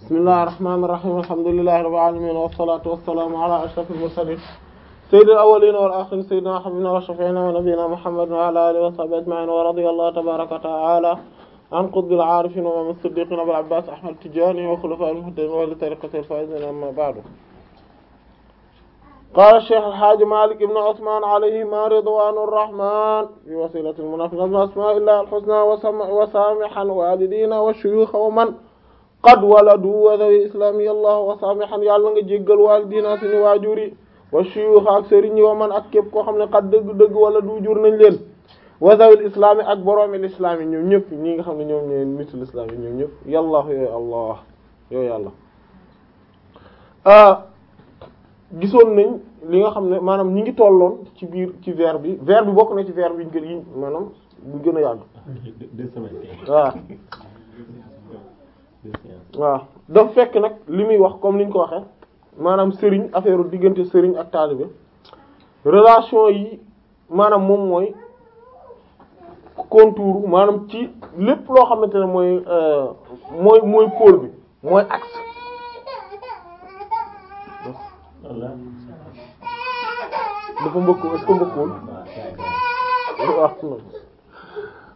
bismillahir rahmanir rahim alhamdulillahi rabbil alamin wassalatu wassalamu ala ashrafil mursalin sayyidil awwalin wal akhirin sayyidina habibina wa shafi'ina wa nabiyyina muhammadin wa ala alihi wa sahbihi ajma'in wa radiyallahu tabaraka wa ta'ala an qutbil arifin wa imam as-siddiqin abul abbas ahmad tijani wa khulafa'il muhtadin wa li tariqatil faizin amma ba'du qaala cheikh alhaaji malik ibn osman alayhima ridwanu rrahman fi wasilati lmunafiqina bi asmaillah alxusna wa saamixan walidina wa shuyuxa wa man qad waladu wa dhawi islamiya allah wa saamixan yàlla nga jéggal walidina suñu waajur yi wa shuyuxa ak sëriñ yi wa man ak képp koo xam ne xat dëgg-dëgg wala du jur nañ leen wa zawil islaami ak boroomi lislaam yi ñoom ñëpp ñi nga xam ne ñoom ñooy nitu lislaam yi ñoom ñëpp yàlla yooyu allah yooyu yàlla ah, gisoon nañ li nga xam ne maanaam ñu ngi tolloon ci biir ci vers bi vers bokk na ci vers bi ñu gën yi maanaam bu gën a yàgg. deux semaines. waaw. fekk nag li muy wax comme ni ñu ko waxee maanaam sëriñ affaire diggante sëriñ ak taalibe relation yi maanaam moom mooy contour maanaam ci lépp loo xamante ne mooy euh, mooy mooy pôle bi mooy axe. dafa mbëkk est-ce que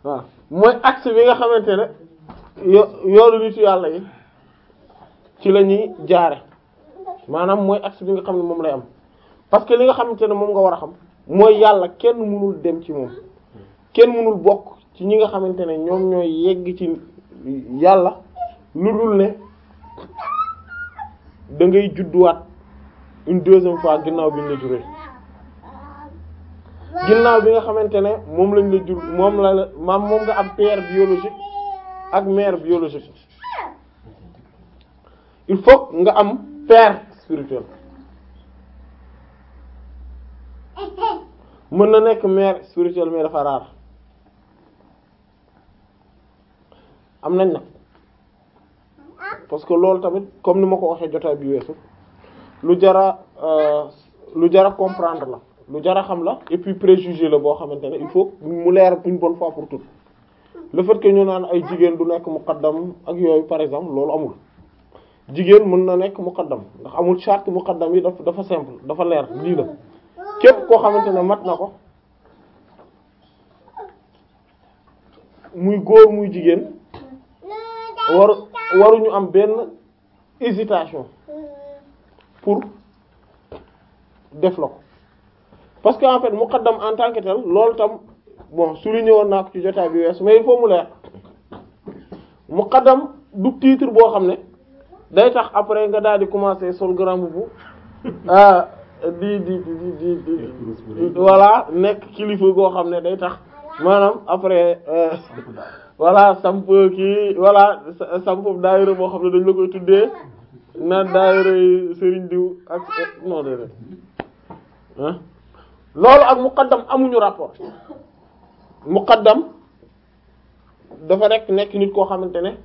waaw mooy axe bi nga xamante ne yo- yoonu nitu yàlla yi ci la ñuy jaare maanaam mooy axe bi nga xam ne moom lay am parce que li nga xamante ne moom nga war a xam mooy yàlla kenn mënul dem ci moom kenn mënul bokk ci ñi nga xamante ne ñoom ñooy yegg ci yàlla lu dul ne da ngay judduwaat une deuxième fois ginnaaw bi ñu la juree ginnaaw bi nga xamante ne moom lañ la jur moom la maam moom nga am père biologique ak mère biologique il faut nga am père spirituel mën na nekk mère spirituelle mais dafa raar am nañ na parce que loolu tamit comme ni ma ko waxee jotaay bi weesu lu jara euh, lu jara comprendre la lu jara xam la et puis préjugé la boo xamante ne il faut mu leer une bonne fois pour toutes le fait ñu naan ay jigéen du nekk muqaddam ak yooyu par exemple loolu amul jigéen mën na nekk muqaddam ndax amul charte muqaddam yi dafa dafa simple dafa leer lii la képp koo xamante ne mat na ko muy góor muy jigéen war waruñu am benn hésitation pour def la ko parce que en fait muqaddam en tant que tel loolu tam bon souligné woon naa ko ci jotaay bi wees mais il mu leer muqaddam du titre boo xam ne day tax après nga daal di commencer sol grand boubou ah di di di di voilà nekk kilifa goo xam ne day tax maanaam après euh, voilà samp kii voilà samp daayira boo xam ne dañ la koy tuddee naan daayira sëriñ diw ak non déedéet ah loolu ak muqaddam amuñu rapport muqaddam dafa nekk nekk nit koo xamante ne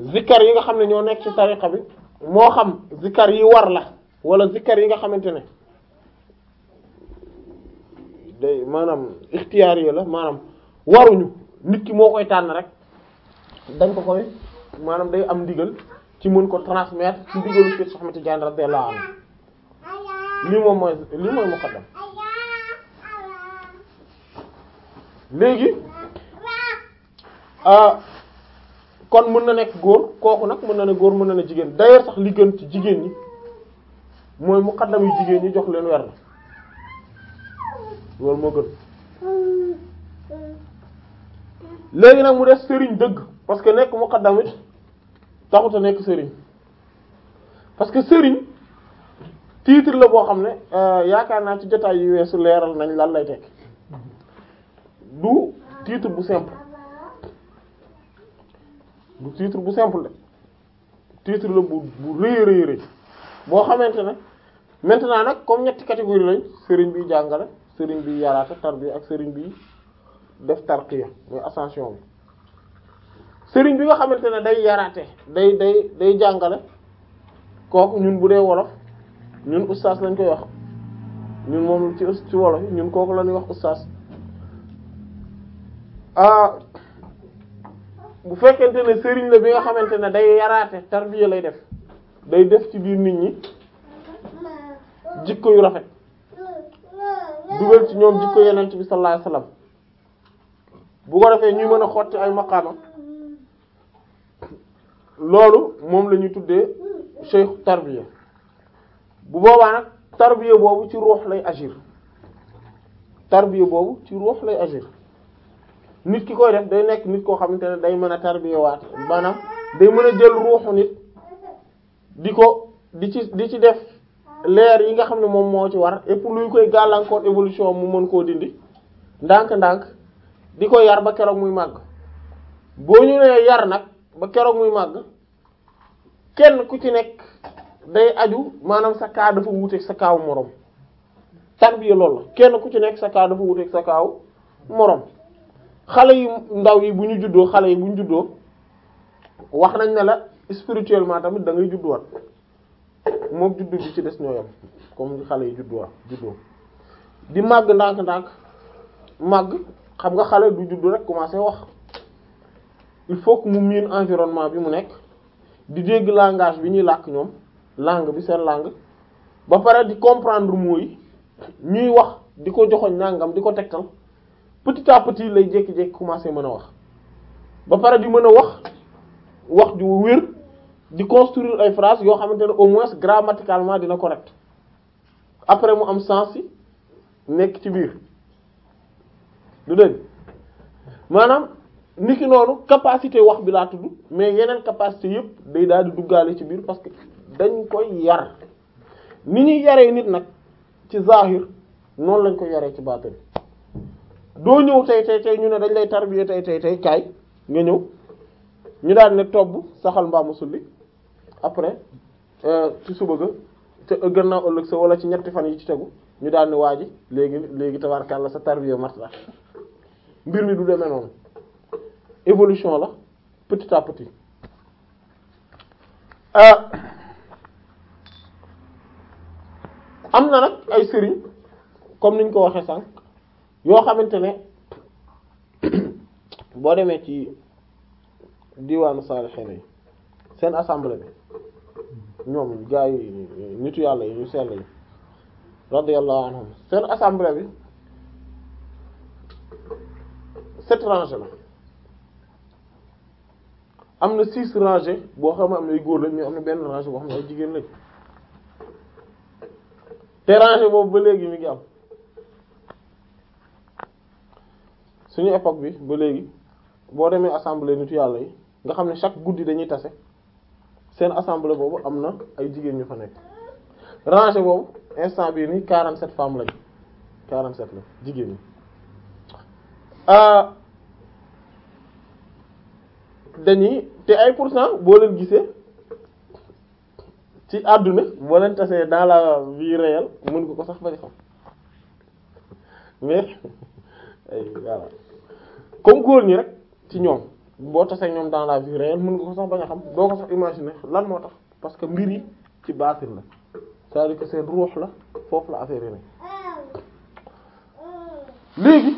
zikkar yi nga xam ne ñoo nekk ci tariqa bi moo xam zikkar yi war la wala zikkar yi nga xamante ne day maanaam ixtiyaar yi la maanaam waruñu nit ki moo koy tànn rek dañ ko koy maanaam day am ndigal ci mën ko transmettre ci ndigalu Cheikh Ahmed Tidiane radiyallahu anhu lii moom mooy lii mooy muqaddam léegi ah, kon mën na nekk góor kooku nag mën na ne góor mën na ne jigéen d'ailleurs sax li gën ci jigéen ñi mooy muqaddam yu jigéen ñi jox leen wer na loolu moo gën léegi nag mu des sëriñ dëgg parce que nekk muqaddam it taxut a nekk sëriñ parce que sëriñ titre la boo xam ne euh, yaakaar naa ci jotaay yu weesu leeral nañ lan lay tekk du titre bu simple du titre bu simple de titre la bu bu rëy rëy rëy boo xamante ne maintenant nag comme ñetti catégorie lañ sëriñ bi jàngale sëriñ bi yaraata tarbiya ak sëriñ bi def tarqiya mooy ascension bi sëriñ bi nga xamante ne day yaraate day day day jàngale kooku ñun bu dee wolof ñun ustaas lañ koy wax ñun moom ci ci wolof ñun kooku la ñuy wax ustaas ah bu fekkente ne sëriñ la bi nga xamante ne day yaraate tarbiya lay def day def ci biir nit ñi jikko yu rafet dugal ci ñoom jikko ci bi sallallahu alayhi wasallam bu ko defee ñuy mën a xotti ay maqaama loolu moom la ñu tuddee cheikh tarbiya bu boobaa nag tarbiya boobu ci ruux lay agir tarbiya boobu ci ruux lay agir nit ki koy def day nekk nit koo xamante ne day mën a tarbiya waat maanaam day mën a jël ruuxu nit di ko di ci di ci def leer yi nga xam ne moom moo ci war et pour luy koy gàllankoor évolution mu mën koo dindi ndànk-ndànk di ko yar ba keroog muy màgg boo ñu nee yar nag ba keroog muy màgg kenn ku ci nekk day aju maanaam sa kaa dafa wuuteeg sa kaaw moroom tarbiya loolu la kenn ku ci nekk sa kaa dafa wuuteeg sa kaaw moroom xale yu ndaw yi bu ñu juddoo xale yi bu ñu juddoo wax nañ ne la spirituellement tamit da ngay judduwaat moom juddu bi ci des ñoo yam comme xale yi judduwaat juddoo di màgg ndànk-ndànk màgg xam nga xale du juddu rek commencé wax il faut que mu miin environnement bi mu nekk di dégg langage bi ñuy làkk ñoom langue bi seen langue ba pare di comprendre mooy ñuy wax di ko joxoñ nangam di ko tegtal petit à petit lay jékki-jékki commencer mën a wax ba pare di mën a wax wax ju wér di construire ay phrases yoo xamante ne au moins grammaticalement dina correct après mu am sens yi nekk ci biir du dégg maanaam nit ki noonu capacité wax bi laa tudd mais yeneen capacité yëpp day daal di duggaale ci biir que dañ koy yar ni ñuy yaree nit nag ci zahir noonu lañ koy yaree ci bi doo ñëw tey tey tey ñu ne dañ lay tarbiya tey tey tey kaay nga ñëw ñu daal ne tobb saxal mbaamu sulli après euh, ci suba ga te gannaaw ëllëg sa wala ci ñetti fan yi ci tegu ñu daal ne waa ji léegi léegi tabarkalla sa tarbiya mat la mbir mi du demee noonu évolution la petit à petit euh, am na nag ay sëriñ comme niñ ko waxee sànq yoo xamante ne boo demee ci diwaanu saalixiin yi seen assemblée bi ñoom gaa yi nitu yàlla yi ñu sell yi radiyallahu anhum seen assemblée bi c'est étranger la am na six rangées boo xam ne am na ay góor lañ mais am na benn rangée boo xam ne ay jigéen lañ te rangée boobu ba léegi mi ngi am suñu époque bi ba léegi boo demee assemblée nitu yàlla yi nga xam ne chaque guddi dañuy tase seen assemblée boobu am na ay jigéen ñu fa nekk rangée boobu instant bii nii 47 femmes lañ 47 la jigéen ñi. Ah, dañuy te ay pour cent boo leen gisee ci àdduna boo leen tasee dans la vie réelle mën ko ko sax ba di xam mais voilà comme góor ñi rek ci ñoom boo tasee ñoom dans la vie réelle mën nga ko sax bañ a xam doo ko sax imaginer lan moo tax parce que mbir yi ci baatin la c'est-à-dire que seen ruux la foofu la affaire yi léegi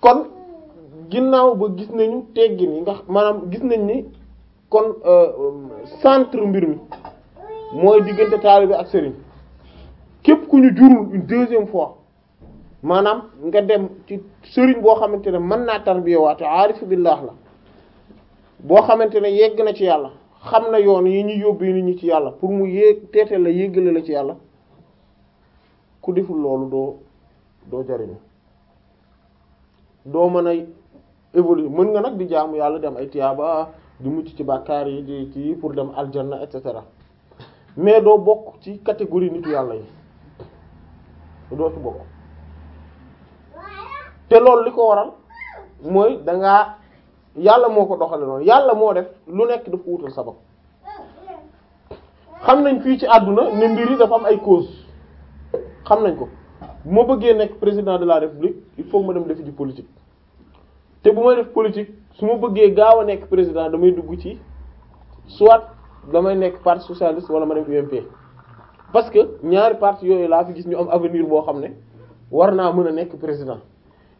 kon ginnaaw ba gis nañu teggin yi nga maanaam gis nañ ni kon euh, centre mbir mi mooy diggante taalibe ak sëriñ képp ku ñu jurul deuxième fois maanaam nga dem ci sëriñ boo xamante ne mën naa tarbiyawaate aarifu billah la boo xamante ne yegg na ci yàlla xam na yoon yi ñu yóbbee nit ñi ci yàlla pour mu yéeg teete la yéggale la ci yàlla ku deful loolu doo doo jariñu doo mën a évoluer mën nga nag di jaamu yàlla dem ay tiyaaba di mucc ci bàkkaar yi di ci pour dem aljanna et cetera mais doo bokk ci catégorie nitu yàlla yi doo ci bokk te loolu li ko waral mooy dangaa yàlla moo ko doxale noonu yàlla moo def lu nekk daf ko wutal sabab xam nañ fii ci àdduna ne mbir yi dafa am ay cause xam nañ ko moo bëggee nekk président de la république il faut ma dem def ji politique te bu ma def politique su ma bëggee gaaw a nekk président damay dugg ci soit damay nekk parti socialiste wala ma dem UMP parce que ñaari parti yooyu laa fi gis ñu am avenir boo xam ne war naa mën a nekk président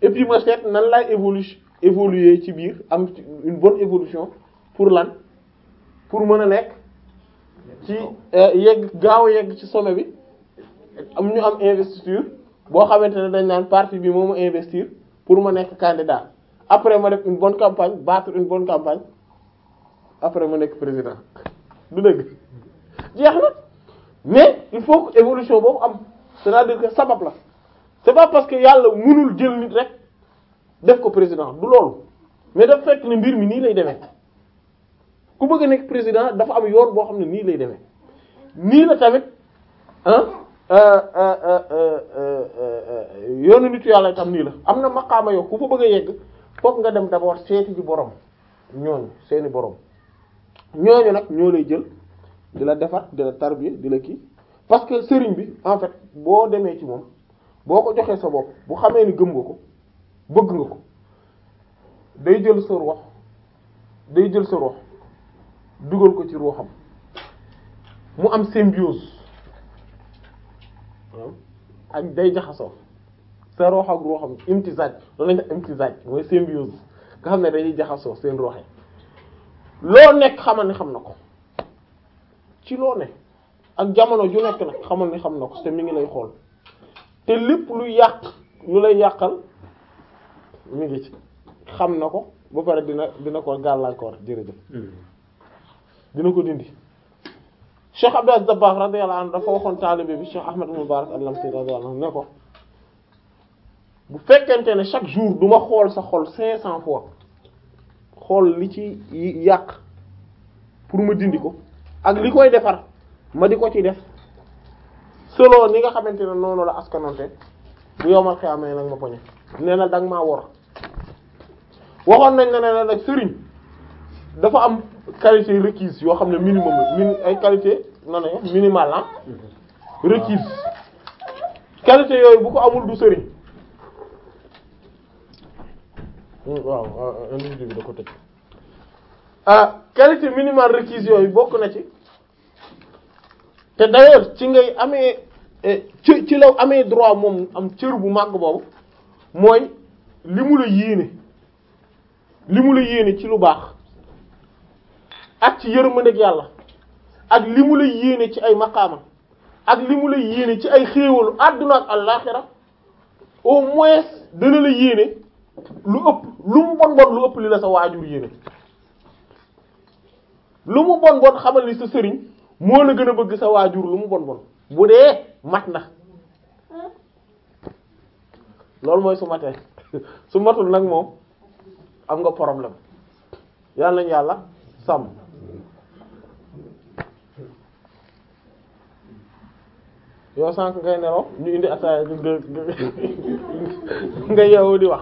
et ma seet nan laay évolu évoluer ci biir am une bonne évolution pour lan pour mën a nekk ci euh, yëg gaaw yegg ci sommet bi am ñu am investiture boo xamante ne dañ naan parti bi moo ma investir pour ma nekk candidat après ma def une bonne campagne battre une bonne campagne après ma nekk président du dëgg jeex na mais il faut que évolution boobu am c'est-à-dire sabab la c'est pas parce que yàlla munul jël nit rek def ko président du loolu mais daf fekk ne mbir mi nii lay demee ku bëgg a nekk président dafa am yoon boo xam ne nii lay demee nii la tamit ah yoonu nitu yàlla itam nii la am na ma maqaama yoo ku fa bëgg a yegg fokk nga dem d'abord seeti ji borom ñooñu seeni borom ñooñu nag ñoo lay jël di la defar di la tarbiya di la kii parce que sëriñ bi en fait boo demee ci moom boo ko joxee sa bopp bu xamee ni gëm ko bëgg nga ko day jël sa ruux day jël sa ruux dugal ko ci ruuxam mu am symbiose ak day jaxasoo sa roox ak rooxam imtisaaj loolu lañ ko imtisaaj mooy symbiose nga xam ne dañuy jaxasoo seen rooxe loo nekk xamal ni xam na ko ci loo ne ak jamono ju nekk nag xamal ni xam na ko te mi ngi lay xool te lépp lu yàq lu lay yàqal mu ngi ci xam na ko ba pare dina dina ko gàllankoor jërëjëf dina ko dindi Cheikh Abdou Dabakh radiyallahu anhu dafa waxoon taalibe bi Cheikh Ahmad Mubarak al-Lamti radiyallahu ne ko bu fekkente ne chaque jour du ma xool sa xol cinq cent fois xool li ci yàq pour ma dindi ko ak li koy defar ma di ko ci def selon ni nga xamante ne noonu la askanonte bu yowmal xiyaamee nag ma poñe nee na danga ma wor waxoon nañ ne ne nag sëriñ dafa am qualité requise yoo xam ne minimum la min ay qualité na ne minimal la ah. mm-hmm. requise qualité yooyu bu ko amul du sëriñ waaw individu bi da ko ah, yooyu bokk na ci te d'ailleurs ci ngay amee eh, ci ci law amee droit moom am cër bu màgg boobu mooy li mu la yéene li mu la yéene ci lu baax ak ci yërmandeeg yàlla ak li mu la yéene ci ay maqaama ak li mu la yéene ci ay xéewalu àdduna al àllaaxira au moins dana la yéene lu ëpp lu mu bon bon lu ëpp li la sa waajur yéene lu mu bon bon xamal ni sa sëriñ moo la gën a bëgg sa waajur lu mu bon bon bu dee mat na loolu mooy su matee su matul nag moom am nga problème yàlla nañ yàlla sàmm yow sànq ngay nelaw ñu indi ataaya bi nga nga yeewu di wax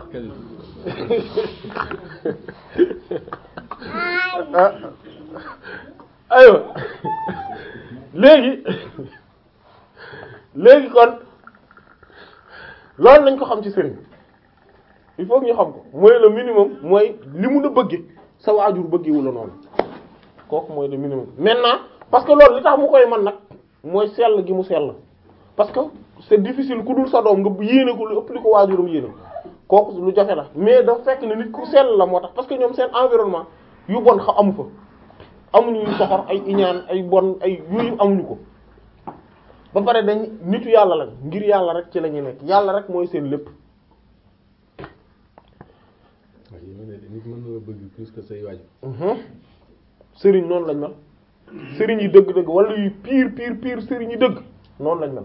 ayo léegi léegi kon loolu lañ ko xam ci sëriñ il faut ñu xam ko mooy le minimum mooy li mun a bëgge sa waajur bëggewu la noonu kooku mooy le minimum maintenant parce que loolu li tax mu koy man nag mooy sell gi mu sell parce que c'est difficile ku dul sa doom nga yéene ko lu ëpp li ko waajuram yéene kooku lu jafe la mais da fekk ne nit ku sell la moo tax parce que ñoom seen environnement yu bon xa amu fa amuñu soxor ay iñaan ay bon ay yooyu amuñu ko ba pare dañ nitu yàlla la ngir yàlla rek ci la ñuy nekk yàlla rek mooy seen lépp. nit mhm. sëriñ noonu lañ mel. sëriñ yi dëgg-dëgg wala yu piir piir pire sëriñ yi dëgg. noonu lañ mel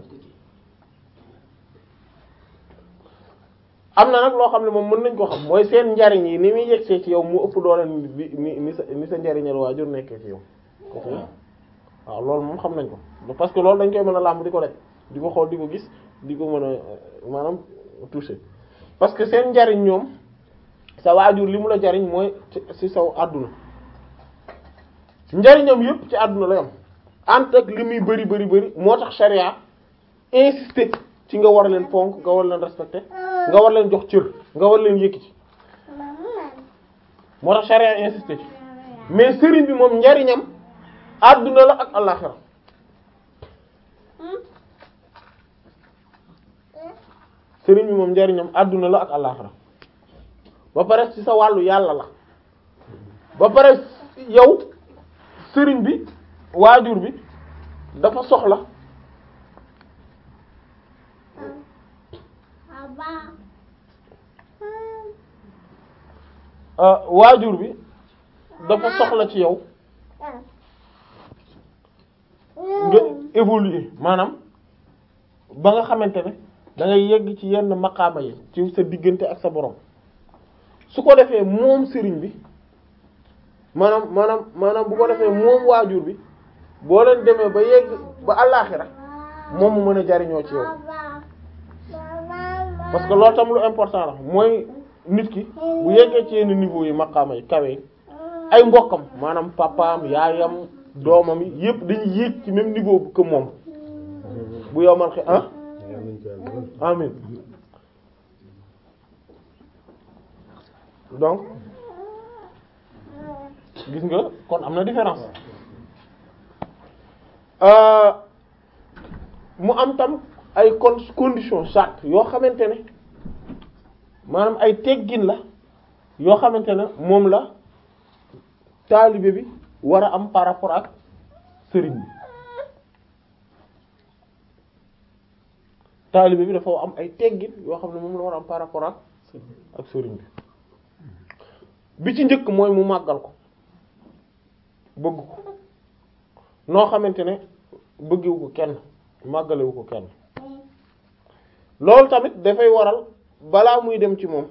am na nag loo xam ne moom mën nañ ko xam mooy seen njariñ yi ni muy yegsee ci yow mu ëpp doole ni mi sa ni sa njariñal waajur nekkee ci yow waaw loolu moom xam nañ ko parce que loolu dañ koy mën a làmb di ko def di ko xool di ko gis di ko mën a maanaam toucher parce que seen njariñ ñoom sa waajur li mu la jariñ mooy ci saw àdduna njariñam yépp ci àdduna la yam ant ak li muy bëri bëri bëri moo tax sharia insister ci nga war leen fonk nga war leen respecter nga war leen jox cër nga war leen ci moo tax sharia insister mais sëriñ bi moom njariñam adduna la ak àllaxira sëriñ bi moom njariñam àdduna la ak àllaxira ba pare ci sa wàllu yàlla la ba pare yow sëriñ bi waajur bi dafa soxla euh, waajur bi dafa soxla ci yow nga évoluer maanaam ba nga xamante ne dangay ngay ci yenn maqaama yi ci sa diggante ak sa borom su ko defee moom sëriñ bi maanaam maanaam maanaam bu ko defee moom waajur bi boo leen demee ba yegg ba àllaaxira moom mu mën a jariñoo ci yow parce que loolu tam lu important la mooy nit ki bu yeggee ci yenn niveau yi maqaama yi kawe ay mbokkam maanaam papaam yaayam doomam yi yëpp dañuy yéeg ci même niveau que moom bu yow man xe ah amin donc gis nga kon am na différence Euh, mu am tam ay kon condition charte yoo xamante ne maanaam ay teggin la yoo xamante ne moom la taalibe bi war a am par rapport ak sëriñ bi taalibe bi dafa am ay teggin yoo xam ne moom la war a am par rapport ak ak sëriñ bi bi ci njëkk mooy mu màggal ko bëgg ko noo xamante ne bëggewu ko kenn màggalewu ko kenn loolu tamit dafay waral balaa muy dem ci moom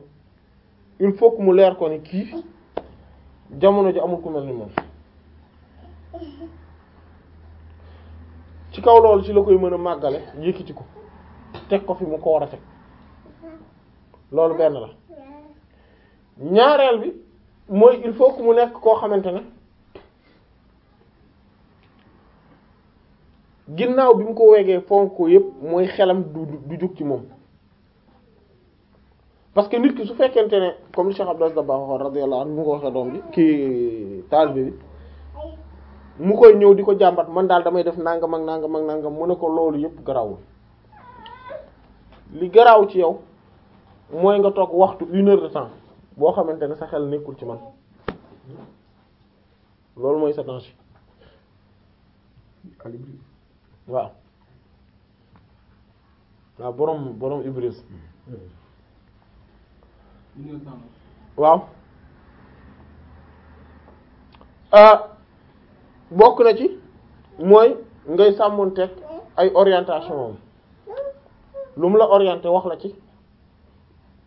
il faut que mu leer ko ni kii jamono ji amul ku mel ni moom ci kaw loolu ci la koy mën a màggale yëkkati ko teg ko fi mu ko war a teg loolu benn la ñaareel bi mooy il faut que mu nekk koo xamante ne ginnaaw bi mu ko wegee fonk ko yépp mooy xelam du du jug ci moom parce que nit ki su fekkente ne comme Cheikh Abdou Aziz Dabakh radiyallahu anhu mu ko waxee doom bi kii taal bi mu koy ñëw di ko jàmbat man daal damay def nangam ak nàngam ak nangam mu ne ko loolu yépp garawul li garaaw ci yow mooy nga toog waxtu une heure de temps boo xamante ne sa xel nekkul ci man loolu mooy sa danger waaw waaw boroom boroom Ibris waaw ah, bokk na ci mooy ngay sàmmoon sàmmonteeg ay orientation moom lu mu la orienté wax la ci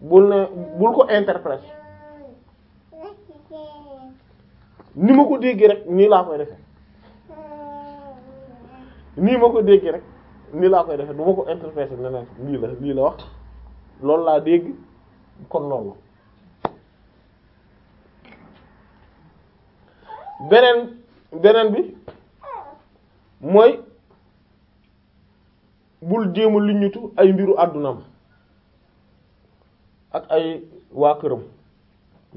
bul ne bul ko interpréter ni ma ko déggee rek ni laa koy defe nii ma ko déggee rek nii laa koy defee du ma ko interpréter leneen lii la lii la wax loolu laa dégg kon loolu beneen beneen bi mooy bul jéem a liñutu ay mbiru àddunaam ak ay waa këram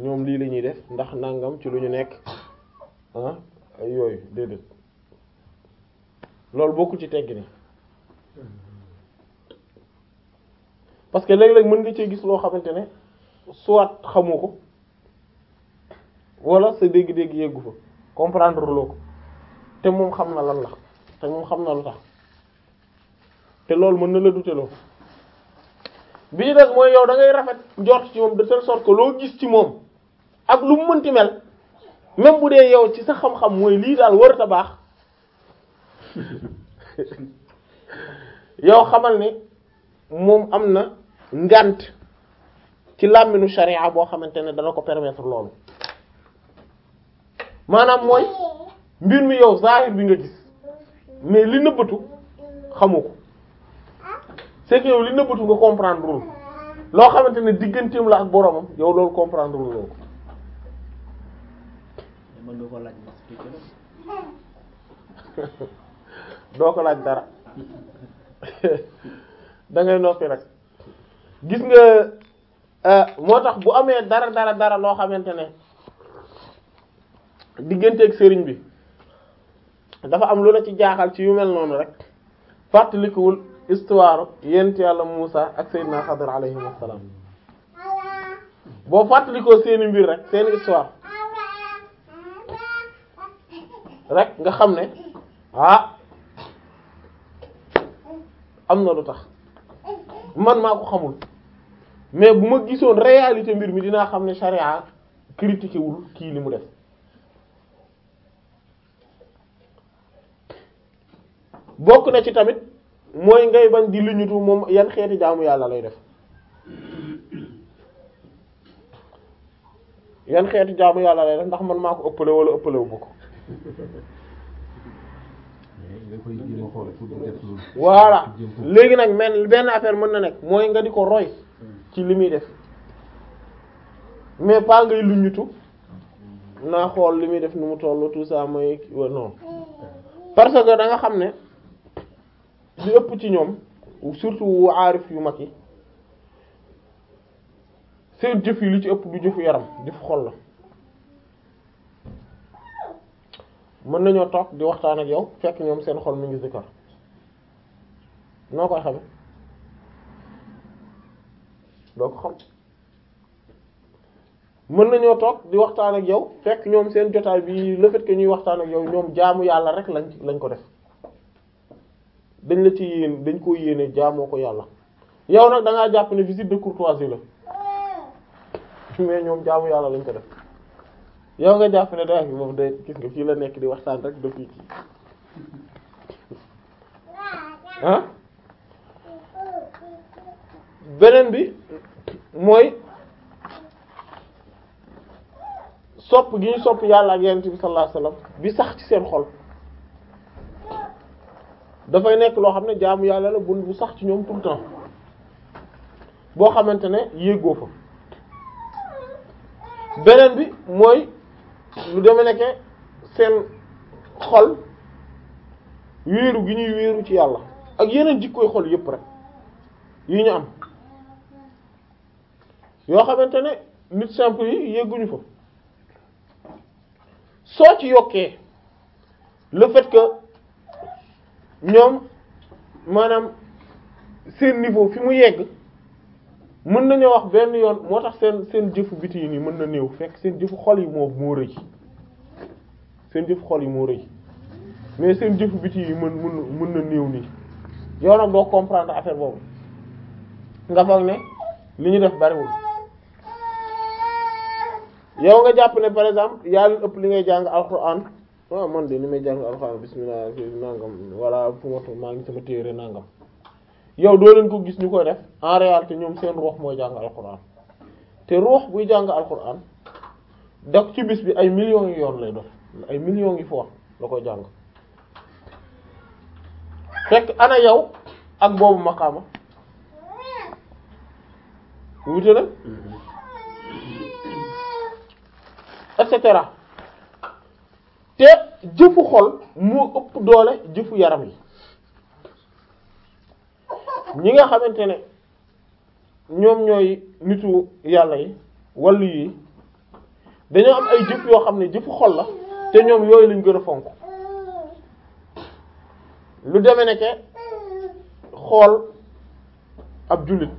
ñoom lii la ñuy def ndax nangam ci lu ñu nekk ah ay yooyu déedéet loolu bokkul ci teggin parce que léeg-léeg mën na cee gis loo xamante ne soit xamu ko wala sa dégg-dégg yeggu fa comprendre loo ko te moom xam na lan la te moom xam na lu tax te loolu mën na la duteloo bi ñu des mooy yow dangay rafet njort ci moom de telle sorte loo gis ci moom ak lu mu mënti mel même bu dee yow ci sa xam-xam mooy lii daal warut a baax yow xamal ne moom am na ngant ci làmminu sharia boo xamante ne dana ko permettre loolu maanaam mooy mbir mi yow zahir bi nga gis mais li nëbbatu xamu ko c'est yow li nëbbatu nga comprendre lul loo xamante ne digganteem la ak boroomam yow loolu comprendre lul loo doo ko laaj dara dangay ngay rek gis nga eh, moo tax bu amee dara dara dara loo xamante ne diggante ak sëriñ bi dafa am lu la ci jaaxal ci yu mel noonu rek fàttalikuwul histoire yent yàlla Muusa ak Seydina Xadir alayhi wassalaam boo fàttalikoo seeni mbir rek nga xam ne ah am na lu tax man maa ko xamul mais bu ma gisoon réalité mbir mi dinaa xam ne charia critiqué wul kii li mu def bokk na ci tamit mooy ngay bañ di luñutu moom yan xeeti jaamu yàlla lay def yan xeeti jaamu yàlla lay def ndax man maa ko ëppale wala ëppale wu ko voilà léegi nag men benn affaire mën na nekk mooy nga di ko roy ci li muy def mais pas ngay luñutu naa xool li muy def nu mu toll tout ça mooy non parce que danga xam ne li ëpp ci ñoom surtout aarif yu mag yi seen jëf yi lu ci ëpp du jëfu yaram jëfu xol la mën nañoo toog di waxtaan ak yow fekk ñoom seen xol mi ngi zikkar noo koy xame doo ko xam mën nañoo toog di waxtaan ak yow fekk ñoom seen jotaay bi le fait ñuy waxtaan ak yow ñoom jaamu yàlla rek lañ lañ ko def dañ la ci yéen dañ koo yéene jaamoo ko yàlla yow nag da ngaa jàpp ne visite de courtoisie la ah. ñoom jaamu yàlla lañ ko def yow nga jàpp ne day moom day gis nga fii la nekk di waxtaan rek daf yi beneen bi mooy sopp gi ñu sopp yàlla ak yonent bi sax ci seen xol dafay nekk loo xam ne jaamu yàlla la bu bu sax ci ñoom tout temps boo xamante ne yéegoo fa beneen bi mooy lu deme nekke seen xol wéeru gi ñuy wéeru ci yàlla ak yeneen jikkooy xol yépp rek yi ñu am yoo xamante ne nit simple yi yégguñu fa soo ci yokkee le fait que ñoom maanaam seen niveau fi mu yegg mën nañoo wax benn yoon moo tax seen seen jëfu biti yi nii mën na néew fekk seen jëfu xol yi moo moo rëy seen jëfu xol yi moo mais seen jëfu biti yi mën mën mën na néew nii yoonam boo doo comprendre affaire boobu nga foog ne li ñu def bariwul yow nga jàpp ne par exemple yaa leen ëpp li ngay jàng alxuraan waaw ah, man de li may jàng alxuraan bismillah nangam walla fu ma maa ngi sama téere nangam yow doo leen ko gis ñu koy def en réalité ñoom seen ruux mooy jàng alquran te ruux buy jàng alquran daf ci bis bi ay millions yi yoon lay def ay millions yi fois la koy jàng fekk ana yow ak boobu maqaama wute na et cetera te jëfu xol moo ëpp doole jëfu yaram yi ñi nga xamante ne ñoom ñooy nitu yàlla yi wàllu yi dañoo am ay jëf yoo xam ne jëfu xool la te ñoom yooyu lañ gën a fonk lu deme ne xool ab jullit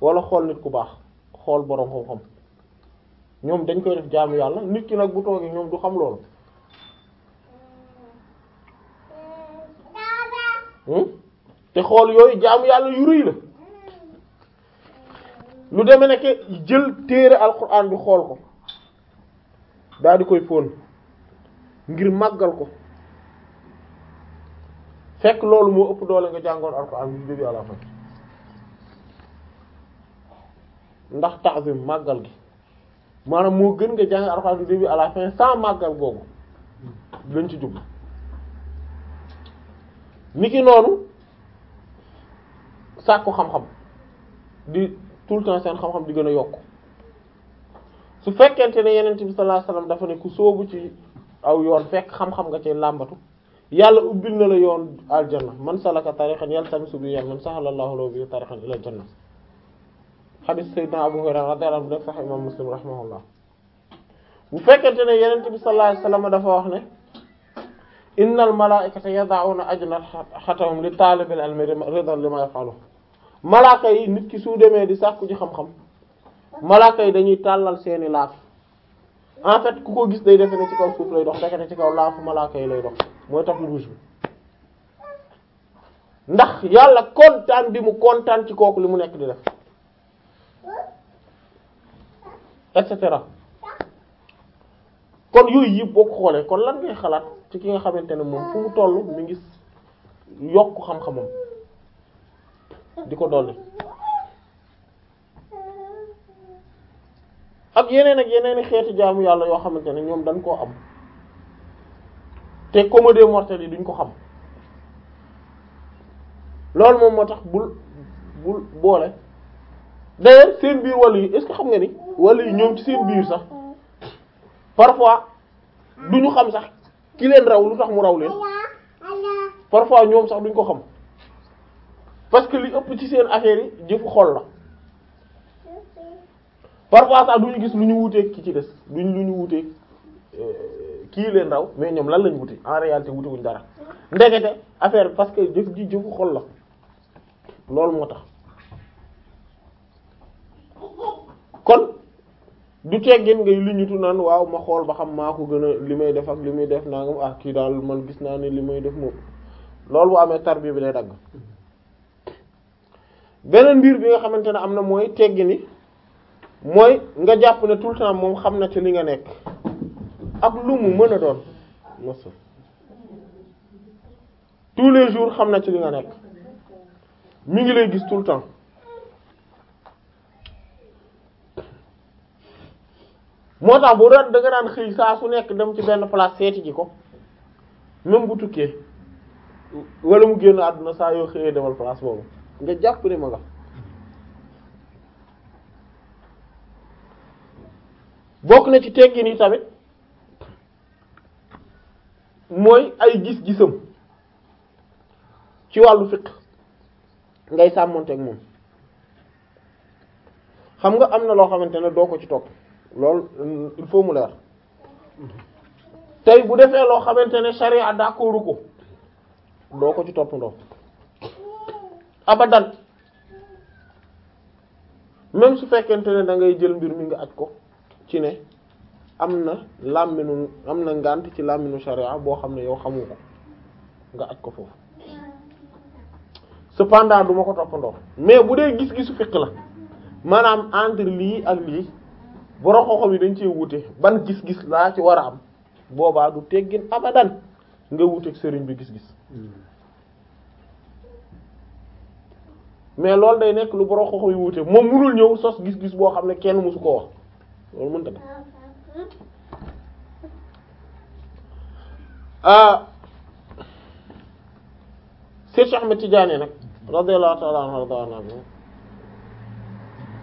wala xool nit ku baax xool boroom xam-xam ñoom dañ koy def jaamu yàlla nit ki nag bu toogee ñoom du xam loolu Hmm? te xool yooyu jaamu yàlla yu rëy la lu deme nekk jël téere alxuraan bi xool ko daal koy fóon ngir màggal ko fekk loolu moo ëpp doole nga jàngoon alxuraan bi début à la fin ndax ta'zim màggal gi maanaam moo gën nga jàng alxuraan bi début à la fin sans màggal googu dañ ci jub niki noonu sàkku xam-xam di tout le temps seen xam-xam di gën a yokk su fekkente ne yenent bi sallallahu alayhi wasallam dafa ne ku sóobu ci aw yoon fekk xam-xam nga ci làmbatu yàlla ubbil na la yoon aljanna man salaka tariqan yaltamisu bihi ilman sahala Allahu lahu bihi tariqan ila aljanna hadith sayyidina Abu Hurayra radiyallahu anhu bu nekk sax imam Muslim rahimahullah bu fekkente ne yenent bi sallallahu alayhi wasallam dafa wax ne innal malaa'ikata yada'una ajnahum li taalibil ilmi ridan li ma yafalu malaaka yi nit ki su demee di sàkku ji xam-xam malaaka yi dañuy tàllal seeni laaf en fait ku ko gis day defe ne ci kaw suuf lay dox dekete ci kaw laafu malaaka yi lay dox mooy tax rouge bi ndax yàlla kontaan bi mu kontaan ci kooku li mu nekk di def et kon yooyu yëpp boo ko xoolee kon lan ngay xalaat ci ki nga xamante ne moom fu mu toll mu ngi yokk xam-xamam di ko dolli ak yeneen ak yeneen xeeti jaamu yàlla yoo xamante ne ñoom dañ koo am te commode mortel yi duñ ko xam loolu moom moo tax bul bul boole d'ailleurs seen biir wàll yi est-ce que xam nga ni wàll yi ñoom ci seen biir sax parfois du ñu xam sax ki leen raw lu tax mu raw leen parfois ñoom sax duñ ko xam parce que li ëpp ci seen affaire yi jëfu xol la parfois sax ñu gis lu ñu wuteeg ki ci des duñ lu ñu wuteeg euh, kii leen raw mais ñoom lan lañ wuti en réalité wuti wuñ dara ndekete affaire parce que jëf ji jëfu xol la loolu moo tax kon du teggin ngay li ñutu naan waaw ma xool ba xam maa ko gën a li may def ak li muy def naa nga ah kii daal man gis naa ne li may def moom loolu bu amee tarbiya bi lay dagg beneen mbir bi nga xamante ne am na mooy teggini mooy nga jàpp ne tout le temps moom xam na ci li nga nekk ak lu mu mën a tous les jours xam na ci li nga nekk mi ngi lay gis tout le temps moo tax bu daan da nga daan xëy saa su nekk dem ci benn place seeti ji ko même bu tukkee wala mu génn àdduna saa yoo xëyee demal place boobu nga jàpp ne ma la bokk na ci teggin yi tamit mooy ay gis-gisam ci wàllu fiqh ngay sàmmonteeg moom xam nga am na loo xamante ne doo ko ci topp loolu il faut mu leer tey bu defee loo xamante ne charia d'accordu ko doo ko ci toppandoo abadan même su fekkente ne dangay jël mbir mi nga aj ko ci ne am na làmminu am na ngànt ci làmminu charia boo xam ne yow xamu ko nga aj ko foofu cependant du ma ko toppandoo mais bu dee gis-gisu fiq la maanaam entre lii ak lii borom xam-xam yi dañ cee wute ban gis-gis laa ci war a am boobaa du teggin abadan nga wuteeg sëriñ bi gis-gis mais loolu day nekk lu borom xam-xam wute moom munul ñëw sos gis-gis boo xam ne kenn mësu koo wax loolu mënta ne ah Cheikh Ahmed Tidiane nag radiyallahu ta'ala anhu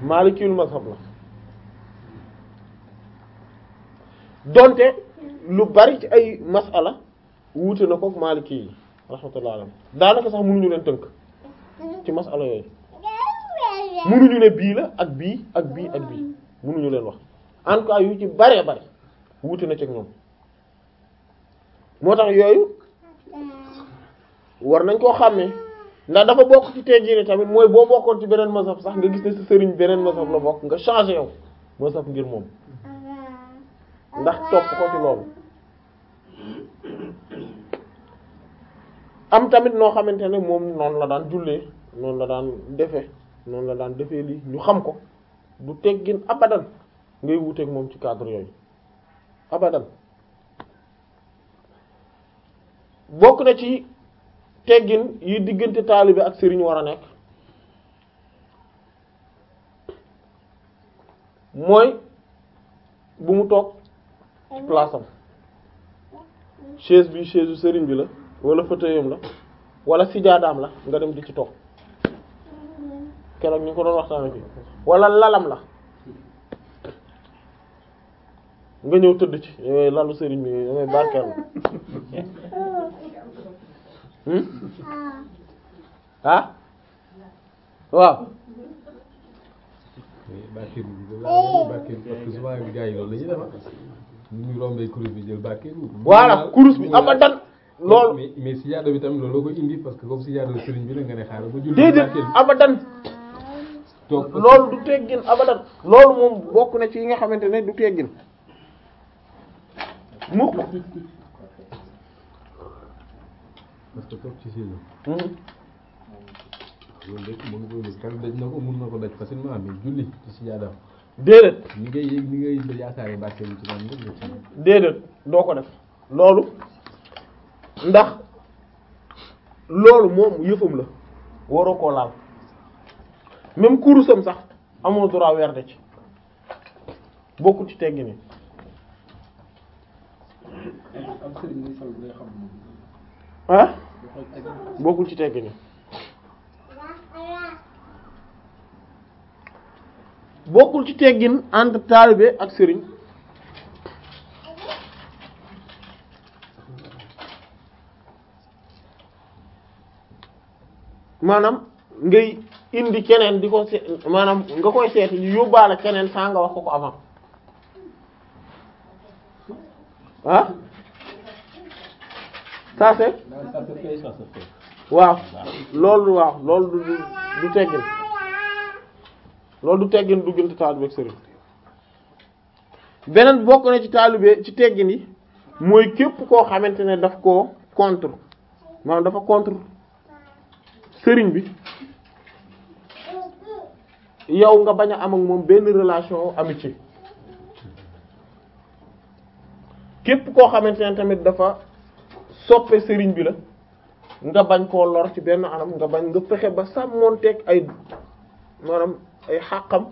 Maalikul mazhab la donte lu bari ci ay masala wuute na ko Maliki yi rahmatullah alayhi daanaka sax mënuñu leen tënk ci masala yooyu mënuñu ne bii la ak bii ak bii ak bii mënuñu leen wax en tout ci baree bari wuute na ci ñoom moo tax yooyu war nañ koo xàmmee ndax dafa bokk ci teggini tamit mooy boo bokkoon ci beneen mazhab sax nga gis ne sa sëriñ beneen mazhab la bokk nga changer yow mazhab ngir moom ndax topp ko ci loolu am tamit noo xamante ne moom noonu la daan jullee noonu la daan defe noonu la daan defee lii ñu xam ko du teggin abadan ngay wuteeg moom ci cadre yooyu abadan bokk na ci teggin yi diggante taalibe ak sëriñ war a nekk mooy bu mu toog ci place am chaise bi chaise u sëriñ bi la wala fauteuilam la wala sijaadaam la nga dem di ci toog keroog ñu ko doon waxtaanee fii wala lalam la nga ñëw tëdd ci lalu sëriñ bi damay barkeel hmm? ah waaw ñu rombee kurus bi jël bàkkee voilà kurus bi abadan loolu mais mais sijaada bi tamit loolu ko indi parce que comme sijaada sëriñ bi la nga du teggin abadan loolu moom bokk na ci yi nga xamante ne du teggin mukk parce que ci sijaada hmm. loolu lépp ko daj na ko mën julli ci sijaada déedéet. ni ngay ni ngay yaakaaree doo ko def loolu ndax loolu moom yëfam la waroo ko laal même kurusam sax amoo droit weer de ci bokkul ci teggi ni ah bokkul ci tegg ni bokkul ci teggin entre taalibe ak sëriñ maanaam ngay indi keneen di ko seet maanaam nga koy seeti ñu yóbbaale keneen saa nga wax ko ko avant ah ça c'est waaw loolu waaw loolu du du teggin loolu du teggin du gën taalibe ak sëriñ beneen bokk na ci taalibe ci teggin yi mooy képp koo xamante ne daf koo contre maanaam dafa contre sëriñ bi yow nga bañ a am ak moom benn relation amitié képp koo xamante ne tamit dafa soppe sëriñ bi la nga bañ koo lor ci benn anam nga bañ nga fexe ba sàmmoonteeg ay maanaam ay xàqam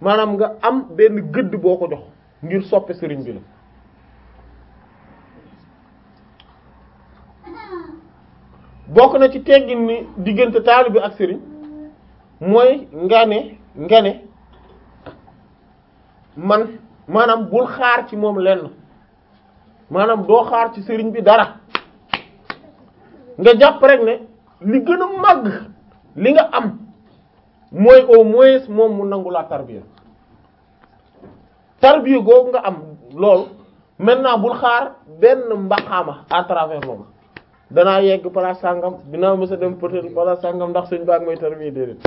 maanaam nga am benn gëdd boo ko jox ngir soppe sëriñ bi la bokk na ci teggin ni diggante bi ak sëriñ mooy nga ne nga ne man maanaam bul xaar ci moom lenn maanaam doo xaar ci sëriñ bi dara nga jàpp rek ne li gën a màgg li nga am mooy au moins moom mu nangu laa tarbiya tarbiya googu nga am loolu maintenant bul xaar benn mbaxaama à travers loolu danaa yegg place sàngam dinaa mës dem peut-être sàngam ndax suñ baag mooy tarbiya déedéet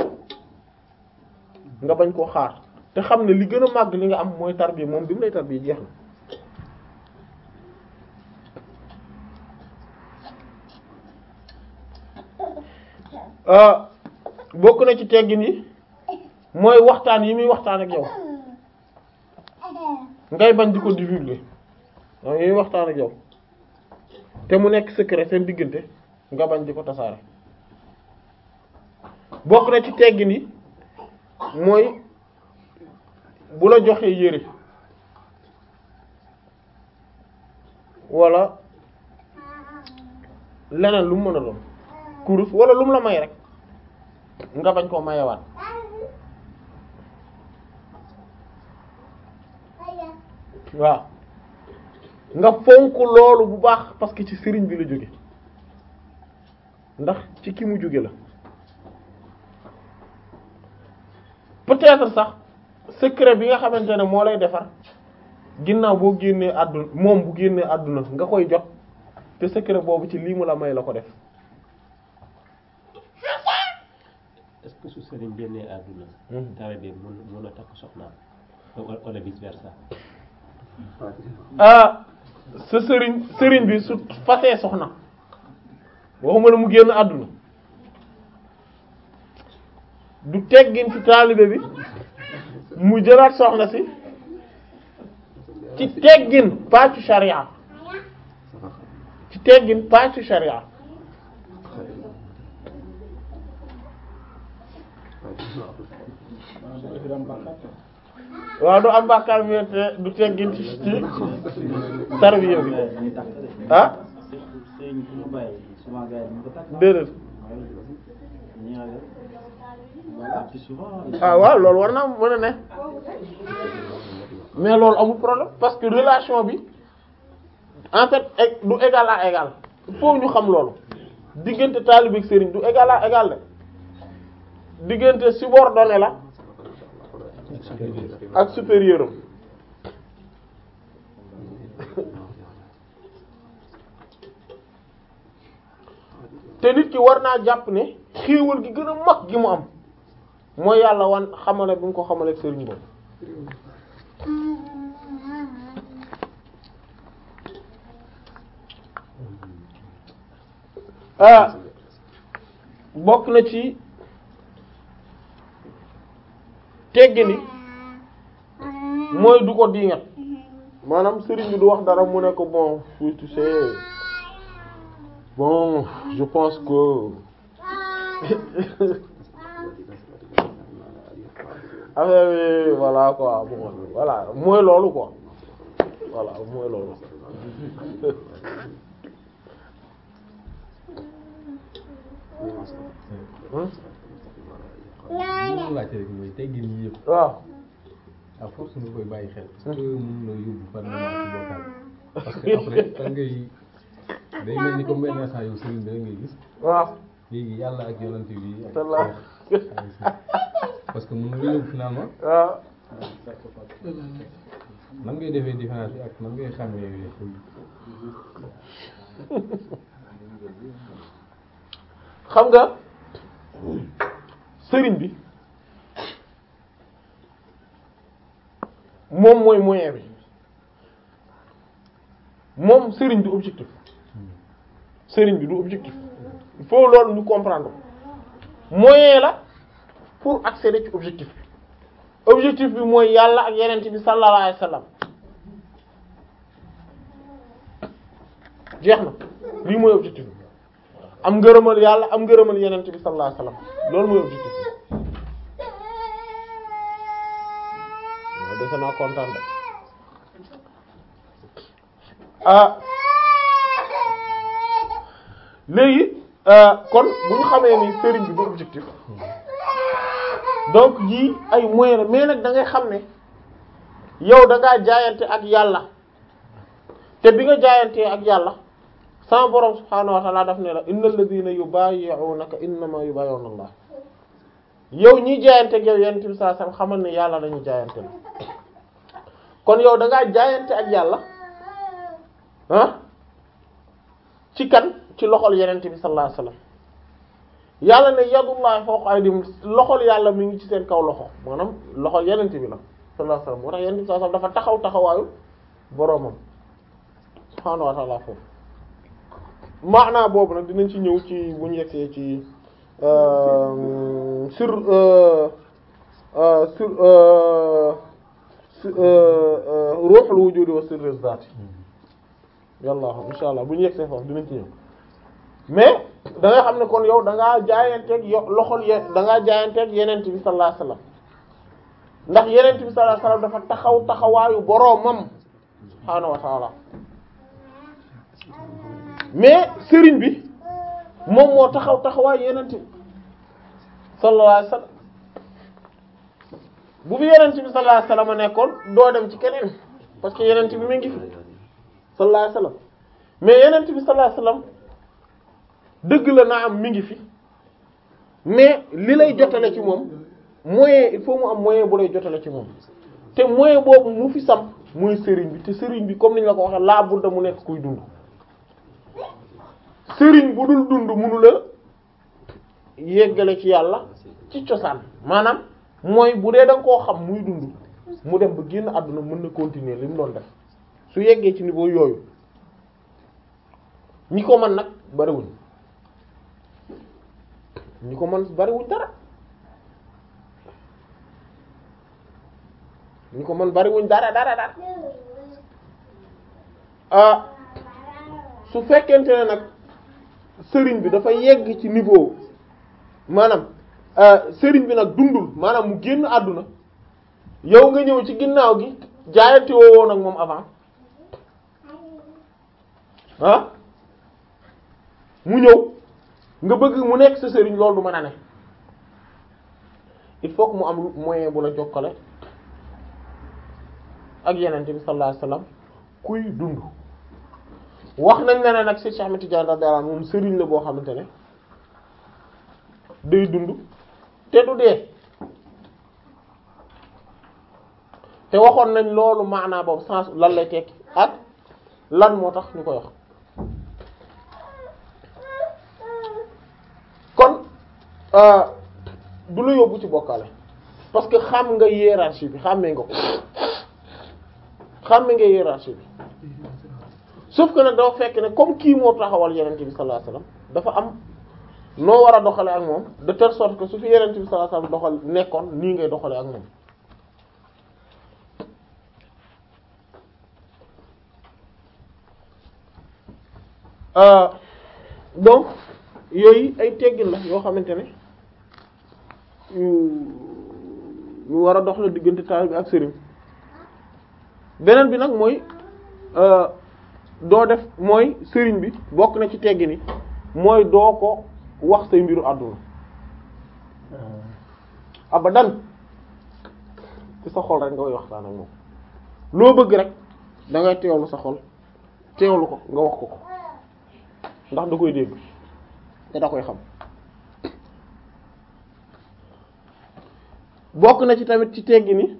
nga bañ koo xaar te xam ne li gën a màgg li nga am mooy tarbiya moom bi mu lay tarbiya jeex na ah, bokk na ci teggin yi mooy waxtaan yi muy waxtaan ak yow ngay bañ di ko divulguer yi muy waxtaan ak yow te mu nekk secret seen diggante nga bañ di ko tasaare bokk na ci teggin yi mooy bu la joxee yére wala leneen lu mu mën a doon kurus wala lu mu la may rek nga bañ koo mayewaat waaw nga fonk loolu bu baax parce ci sëriñ bi la jóge ndax ci ki mu jóge la peut-être sax secret bi nga xamante ne moo lay defar ginnaaw boo génnee àdduna moom bu génnee àdduna nga koy jot te secret boobu ci lii mu la may la ko def est-ce que su sëriñ génnee àdduna. Hmm. taalibe bi mun mun ah, sa sëriñ sëriñ bi su fasee soxna waxuma ne mu génn àdduna du teggin ci taalibe bi mu jëlaat soxna si ci teggin pas ci ci teggin pas ci waaw du am bàkkaar bi te du teggin ci tarbiya bi ah déedéet ah waaw loolu war na mën a ne mais loolu amul problème parce que relation bi en fait e-, du égal à égal il faut ñu xam loolu diggante taalibe ak sëriñ du égal à égal de diggante subordonné la ak supérieur te nit ki war naa jàpp ne xéewal gi gën a mag gi mu am mooy yàlla wan xamale bi mu ko xamale ak sëriñ boobu ah, bokk na ci teggi ni mooy du ko diingat maanaam sëriñ bi du wax dara mu ne ko bon oui tu sais bon je pense que affaire ah, bi voilà quoi bon voilà mooy loolu quoi voilà mooy loolu hmm? loolu wàcc rek mooy teggin yi yëpp waaw à force nga koy bàyyi xel surtout ah. mun la yóbbu ah. parce que après da ngay day mel ni comme benn instant yow sëriñ bi rek ngay gis waaw léegi yàlla ak yonent bi parce que mun nga yóbbu finalement waaw nan ngay defee différence ak nan ngay xàmmee xam nga sëriñ bi moom mooy moyen bi moom sëriñ du objectif sëriñ bi du objectif il faut loolu ñu comprendre moyen la pour accéder ci objectif bi objectif bi mooy yàlla ak yenent bi sallallahu alayhi wasallam jeex na lii mooy objectif bi am ngërëmal yàlla am ngërëmal yenent bi sallallahu alayhi wasallam loolu mooy objectif bi ah. Ah, kon bu ñu xamee ni sëriñ bi du donc yii ay moyen la mais nag da xam ne yow dangaa ngaa jaayante ak yàlla te bi nga jaayantee ak yàlla sama borom subhaanahu wa ta'ala daf ne la innal ladina yu innama yubayyi'una Allah yow ñi jaayante ak yow yonent bi sallallahu alayhi wasallam xamal ne yàlla lañu jaayante kon yow da ngaa jaayante ak yàlla ah ci kan ci loxol yonent bi sallallahu alayhi yàlla ne yadullahi fawqa aydim loxol yàlla mu ngi ci seen kaw loxo maanaam loxol yonent bi la sallallahu alayhi dafa taxaw taxawaayu boroomam subhaanahu wa ta'ala foofu maanaa boobu nag dinañ ci ñëw ci bu ñu yegsee ci euh, sur euh, euh, sur ruuxul wujuudi wa sirru zaati yàlla insha allah bu ñu yegsee foofu dina ci ñëw mais da xam ne kon yow dangaa ngaa yow yo loxol ye da ngaa jaayanteeg yenent bi sallallahu ndax yeneen bi sallallahu alayhi dafa taxaw taxawaayu boroomam subhaanahu wa mais sëriñ bi moom moo taxaw taxawaay yenent bi sallallahu alayhi wasallam bu fi yenent bi sallallahu alayhi wasallam nekkoon doo dem ci keneen parce que yenent bi mu ngi fi sallallahu alayhi wasallam mais yenent bi sallallahu alayhi wasallam dëgg la naa am mi ngi fi mais li lay jotale ci moom moyen il faut mu am moyen bu lay ci moom te moyen boobu mu fi samp mooy sëriñ bi te sëriñ bi comme niñ la ko waxee laa budda mu nekk kuy dund sëriñ bu dul dund mënu la yeggale ci yàlla ci cosaan maanaam mooy bu dee da koo xam muy dund mu dem ba génn àdduna mën na continuer li mu doon def su yeggee ci niveau yooyu ñi ko mën nag bariwuñ ñi ko mën bariwuñ dara ñi ko mën bariwuñ dara dara dara ah, su fekkente ne nag sëriñ bi dafa yegg ci niveau maanaam euh, sëriñ bi nag dundul maanaam mu génn àdduna yow nga ñëw ci ginnaaw gi jaayante woo ak moom avant ah mu ñëw nga bëgg mu nekk sa sëriñ loolu du mën a ne il faut mu am moyen bu la jokkale ak yenente bi sallallahu alayhi kuy dund wax nañ la ne nag Cheikh Ahmed Tidiane radiyallahu moom sëriñ la boo xamante ne day dund te du dee te waxoon nañ loolu maanaa boobu sens lan lay tekki ak lan moo tax ñu koy wax kon euh, du la yóbbu ci bokkaale parce que xam nga hiérarchie bi xàmmee nga ko xàmmee nga hiérarchie bi sauf que nag doo fekk ne comme kii moo taxawal yenente bi sallallahu dafa am noo war a doxale ak moom de telle sort que su fi yenente bi sallallahu alayhi doxal nekkoon nii ngay doxale ak moom euh, donc yooyu ay teggin la yoo xamante ne ñu war a dox la diggante taal bi ak sëriñ beneen bi nag mooy euh, doo def mooy sëriñ bi bokk na ci teggi ni mooy doo ko wax say mbiru àdduna ah. abadan ci sa xol rek nga koy waxtaan ak loo bëgg rek da ngay teewlu sa xol teewlu ko nga wax ko ko ndax da koy dégg te da koy xam bokk na ci tamit ci teggi ni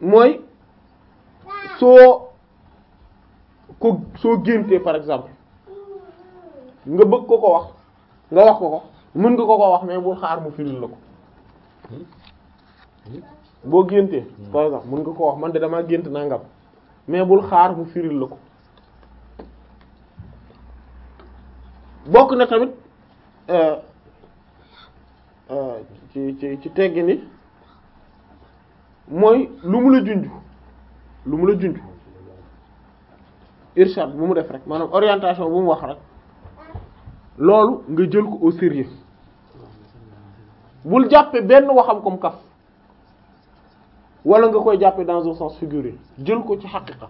mooy soo ko soo géntee par exemple nga bëgg ko ko wax nga wax ko ko mën nga ko ko wax mais bul xaar mu firil la ko boo géntee par exemple mën nga ko wax man de damaa gént nangam mais bul xaar mu firil la ko bokk na tamit euh, euh, ci ci ci teggi ni mooy lu mu la junj lu mu la junj irshad bu mu def rek maanaam orientation bu mu wax rek loolu nga jël ko au sérieux bul jàppee benn waxam comme kaf wala nga koy jàppee dans un sens figuré jël ko ci xaqiqa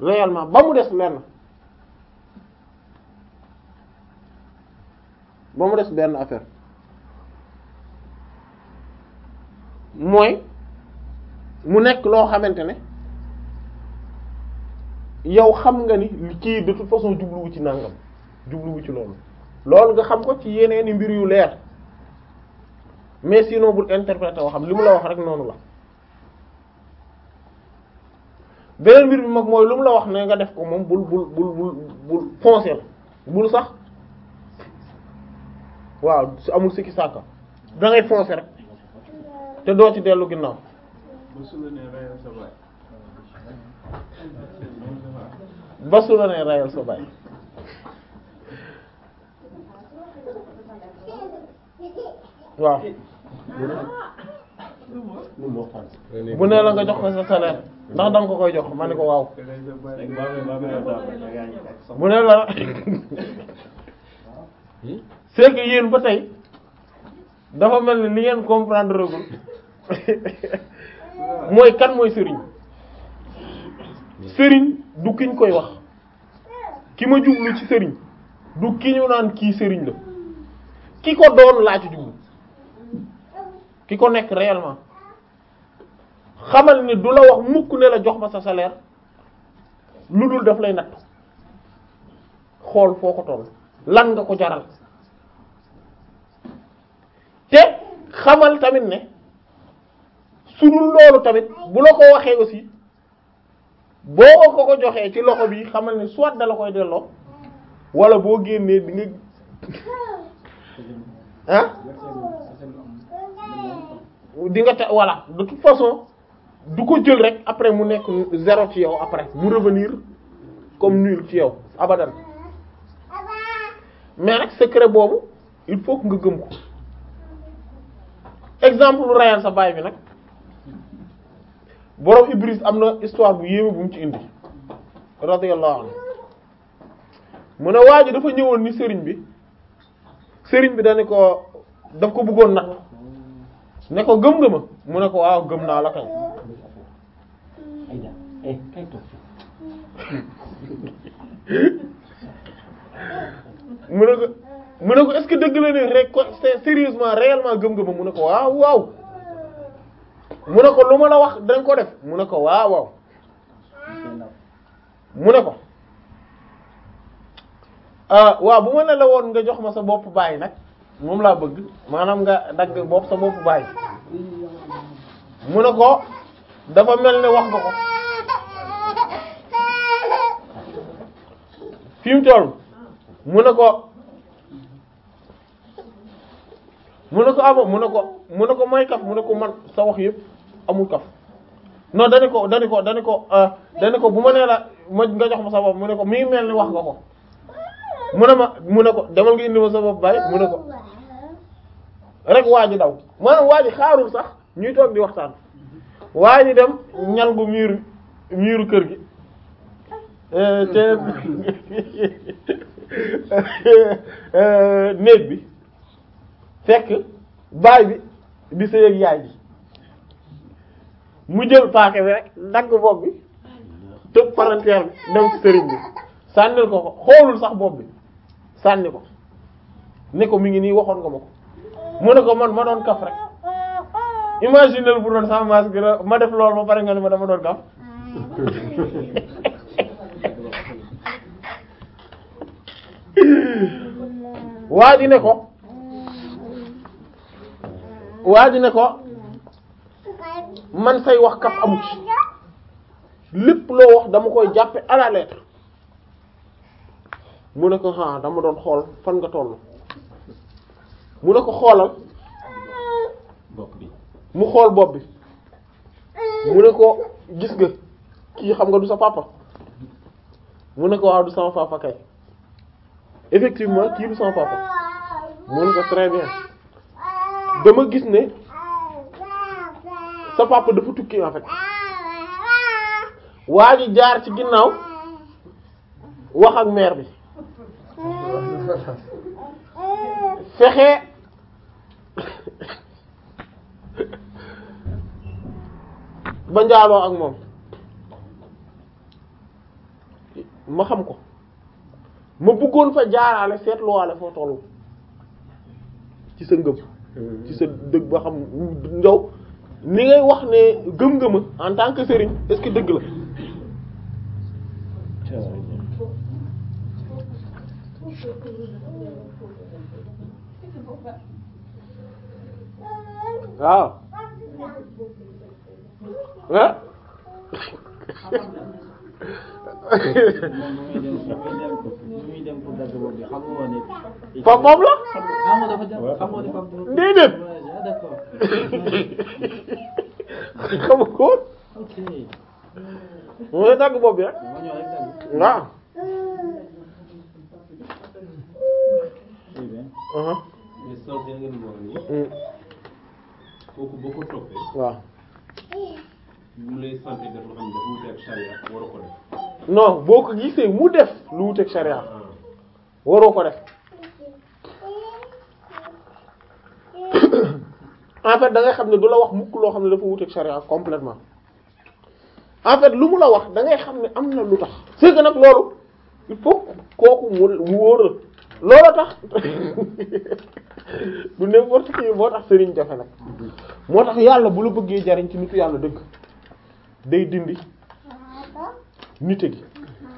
réellement ba mu des lenn ba mu des benn affaire mooy mu nekk loo xamante ne yow xam nga ni ci de toute façon jubluwu ci nangam jubluwu ci loolu loolu nga xam ko ci yeneeni mbir yu leer mais sinon bul interpréter waxam li mu la wax rek noonu la beneen mbir bi mag mooy lu mu la wax ne nga def ko moom bul bul bul bul bul foncé bul sax waaw su amul sikki sàkka da ngay rek te doo ci dellu ginnaaw ba su la rayal sa baay waaw bu nee la nga jox ko sa salaire ndax danga koy jox ma ne ko waaw bu nee la c'est que ba tey dafa mel ni li ngeen comprendre gul mooy kan mooy sëriñ sëriñ du kiñ koy wax ki ma jublu ci sëriñ du ki ñu naan kii sëriñ la ki ko doon laa ci jublu ki ko nekk réellement xamal ni du la wax mukk ne la jox ma sa saleer lu dul daf lay nag xool foo ko toll lan nga ko jaral te xamal tamit ne su dul loolu tamit bu la ko waxee aussi boo ko ko joxee ci loxo bi xamal ne soit da la koy delloo wala boo génnee di nga ah di nga ta voilà de toute façon du ko jël rek après mu nekk zéro ci yow après mu revenir comme nul ci yow abadan mais nag secret boobu il faut que nga gëm ko exemple lu rayal sa baay bi nag borom Ibris am na histoire bu yéeme bu mu ci indi radiyallahu anhu mu ne waa dafa ñëwoon ni sëriñ bi sëriñ bi dane ko daf ko bëggoon nag ne ko gëm nga ma mu ne ko waaw gëm naa la kay mu ne ko mu ne ko est-ce que dëgg la ne rek ko c'est sérieusement gëm nga ma mu ne ko waaw waaw mu ne ko lu ma la wax dañ ko def mu ne ko waaw waaw mu ne ko ah, waaw bu ma ne woon nga jox ma sa bopp bàyyi nag moom laa bëgg maanaam nga dagg bopp sa bopp bàyyi mu ne ko dafa mel ne wax nga ko fi mu mu ne ko mu ne ko abo ah, mu ne ko mu ne ko may kaf mu ne ko man sa wax yëpp amul kaf non dani ko dani ko dani ko euh, dani ko bu ma nee la ma nga jox ma sa mu ne ko mi mel ni wax nga ko mu ne ma mu ne ko demal nga indi ma sa bopp bàyyi mu ne ko rek waaj ji daw maanaam waaj ji xaarul sax ñuy toog di waxtaan waa ji dem ñal gu miiru miiru kër gi euh, euh, néeg bi fekk baay bi di sëy ak yaay ji mu jël paaka bi rek dagg bopp bi tëb palanteer bi dem ci sëriñ bi sànnil ko ko xoolul sax bopp bi sànni ko ne ko ngi nii waxoon ko mu ne ko man ma doon kaf rek imaginel bu doon sama maas ma def lool ba pare nga ne ma dama doon kaf waa ji ne ko waa ne ko man say wax kaf amu ci lépp loo wax dama koy jàppe à la mu ne ko ah dama doon xool fan nga tollu mu ne ko xoolal mu xool bopp bi mu ne ko gis nga kii xam nga du sa papa mu ne ko waaw du sama papa kay effectivement kii du sama papa mu ne ko très dama gis ne. sa papa dafa tukki en fait waa ji jaar ci ginnaaw wax ak mère bi fexe ba njaaloo ak moom ma xam ko ma bëggoon fa jaaraale seetluwaale foo tollu ci sa ngëm ci sa dëgg ba xam njaw ni ngay wax ne gëm-gëma en tant que sëriñ est-ce la waaw ah Pape moom la. déedéet. xam nga ko. mu ngi dagg bopp bi rek. waaw. kooku boo ko toppee. waaw. mu lay sant dafa xam dafa wuute ak charia war a ko def. non boo ko gisee mu def lu wuteeg sharia waroo ko def en dangay xam ne du la wax mukk loo xam ne dafa wuteeg sharia complètement en fait lu mu la wax da ngay xam ne am na lu tax c'est nag loolu il faut kooku mu wóor la looloo tax du n'importe qui moo tax sëriñ jafe nag moo tax yàlla bu la bëggee jariñ ci nitu yàlla dëgg day dindi nite gi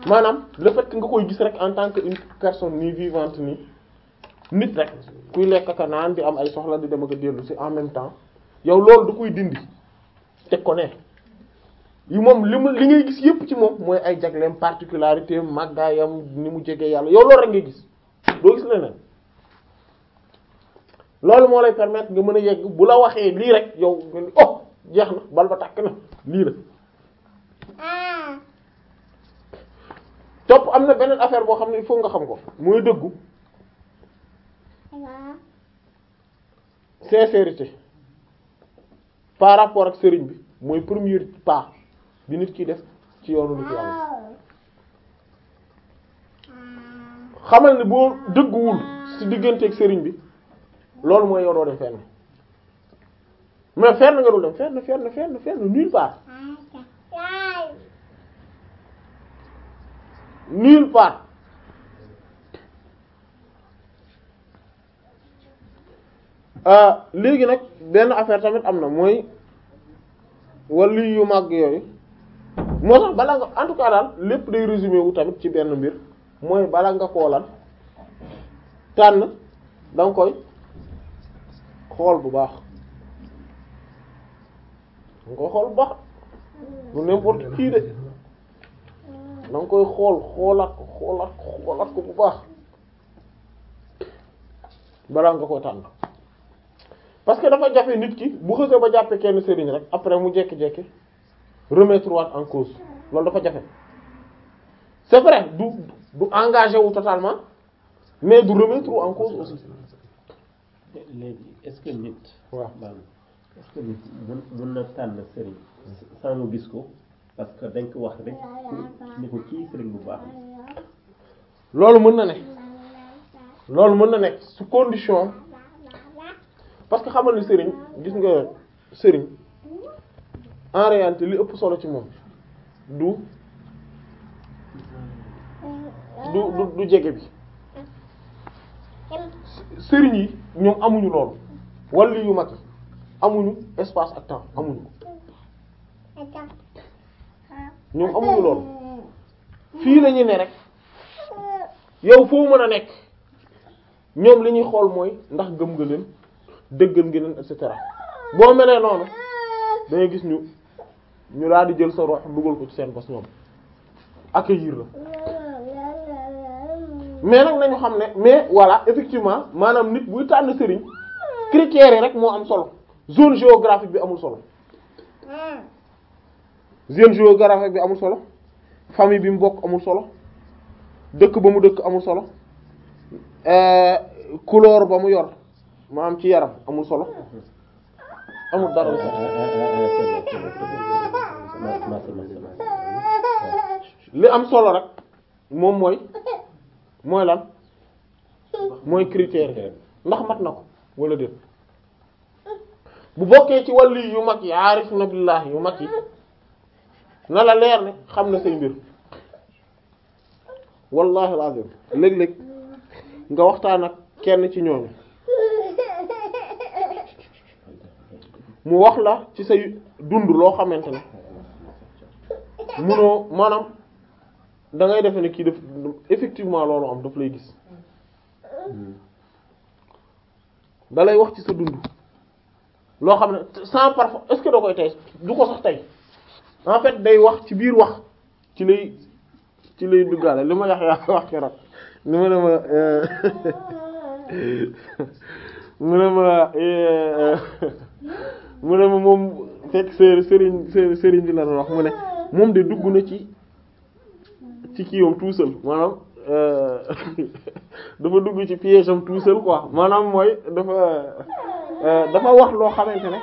maanaam le fait nga koy gis rek en tant que une personne nii vivante nii nit rek kuy lekk ka naan bi am ay soxla di dem ak a dellu si en même temps yow loolu du koy dindi teg ko ne yi moom li mu li ngay gis yépp ci moom mooy ay jagleem particularité màggaayam ni mu jege yàlla yow loolu rek ngay gis doo gis leneen loolu moo lay permettre nga mën a yegg bu la waxee lii rek yow nga ni oh jeex na bal ba tàkk na lii la ah. topp am na beneen affaire boo xam ne il nga xam ko mooy dëggu sincérité par rapport ak sëriñ bi mooy premier pas bi nit ki def ci yoonu lu ci xamal ne boo dëgguwul ci digganteeg sëriñ bi loolu mooy yow doo dem fenn mais fenn nga dul dem fenn fenn fenn fenn nulle part nulle part euh, léegi nag benn affaire tamit am na mooy wala yu mag yooyu moo tax balaa nga en daal lépp day résumé wu tamit ci benn mbir mooy balaa nga koolan tànn da koy xool bu baax da nga koy xool bu baax bu n'importe kii de na koy xool xoolaat ko xoolaat ko bu baax balaa nga koy tànn parce que dafa jafe nit ki bu xësee ba jàppee kenn sëriñ rek après mu jékki-jékki remettre waat en cause loolu dafa jafe c'est vrai du du engagé wu totalement mais du remettre en cause aussi. léegi est-ce gis ko. parce que dañ ko wax rek ni ko kii bu baax loolu mën na ne loolu mën na nekk su condition parce que xamal ni sëriñ gis nga sëriñ en réalité li ëpp solo ci moom du du du jege bi sëriñ yi ñoom amuñu loolu walla yu mag amuñu espace ak temps amuñu ko ñoom amuñu loolu fii la ñu ne rek yow foo mën a nekk ñoom li ñuy xool mooy ndax gëm nga leen dëggal nga leen et cetera boo melee noonu da gis ñu ñu daal di jël sa rox dugal ko ci seen bos ñoom accueillir la mais nag nañu xam ne mais voilà effectivement maanaam nit buy tànn sëriñ critères yi rek moo am solo zone géographique bi amul solo. Hmm. zone géographique bi amul solo famille bi mu bokk amul solo dëkk ba mu dëkk amul solo euh, couleur ba mu yor maanaam ci yaram amul solo li am solo rek moom mooy mooy lan mooy critère ndax mat na ko wala déet bu bokkee ci wàllu yu mag yi aarif na billaahi yu mag yi. na la leer ne xam na say mbir wallahi alazim léeg-léeg nga waxtaan ak kenn ci ñooñu mu wax la ci say dund loo xamante ne munoo maanaam dangay ngay defe ne kii def effectivement loolu am daf lay gis da lay wax ci sa dund loo xam ne sans parfois est-ce koy tey du ko sax tey en fait day wax ci biir wax ci lay ci lay duggaale li ma Yahya wax keroog ni ma ne ma eh, mu ne ma eh, mu ne ma moom fekk sëriñ sëriñ bi la doon wax mu ne moom de dugg na ci ci yow yom tout seul maanaam eh, dafa dugg ci piège am tout seul quoi maanaam mooy dafa dafa wax loo xamante ne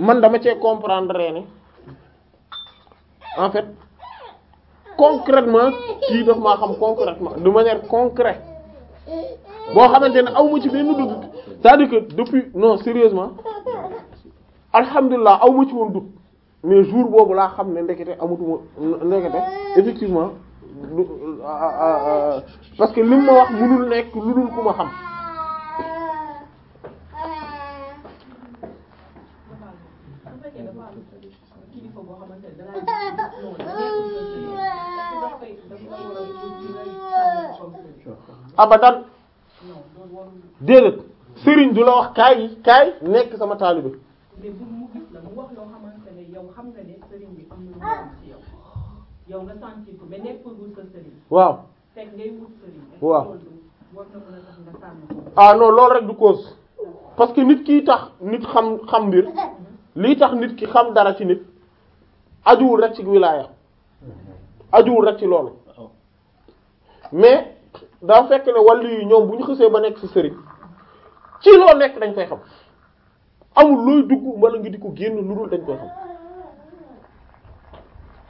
man dama cee comprendre ne en fait concrètement kii daf maa xam concrètement de manière concrète boo xamante ne aw ma ci benn doute c'est-à-dire que depuis non sérieusement alhamdulilah aw ma ci woon doute mais jour boobu laa xam ne ndekete amatuma ndekete effectivement euh, euh, euh, parce que lim ma wax mënul nekk lu dul ku ma xam. abadan déedéet sëriñ du la wax kaay kaay nekk sama taalibe waaw waaw ah non loolu rek du cause parce que nit ki tax nit xam xam mbir lii tax nit ki xam dara ci nit ajuwul rek ci wilaaya ajuwul rek ci loolu oh. mais daa fekk ne wàllu yi ñoom bu ñu xësee ba nekk ci sëriñ ci loo nekk dañ koy xam amul looy dugg walla ngi di ko génn lu dul dañ koy xam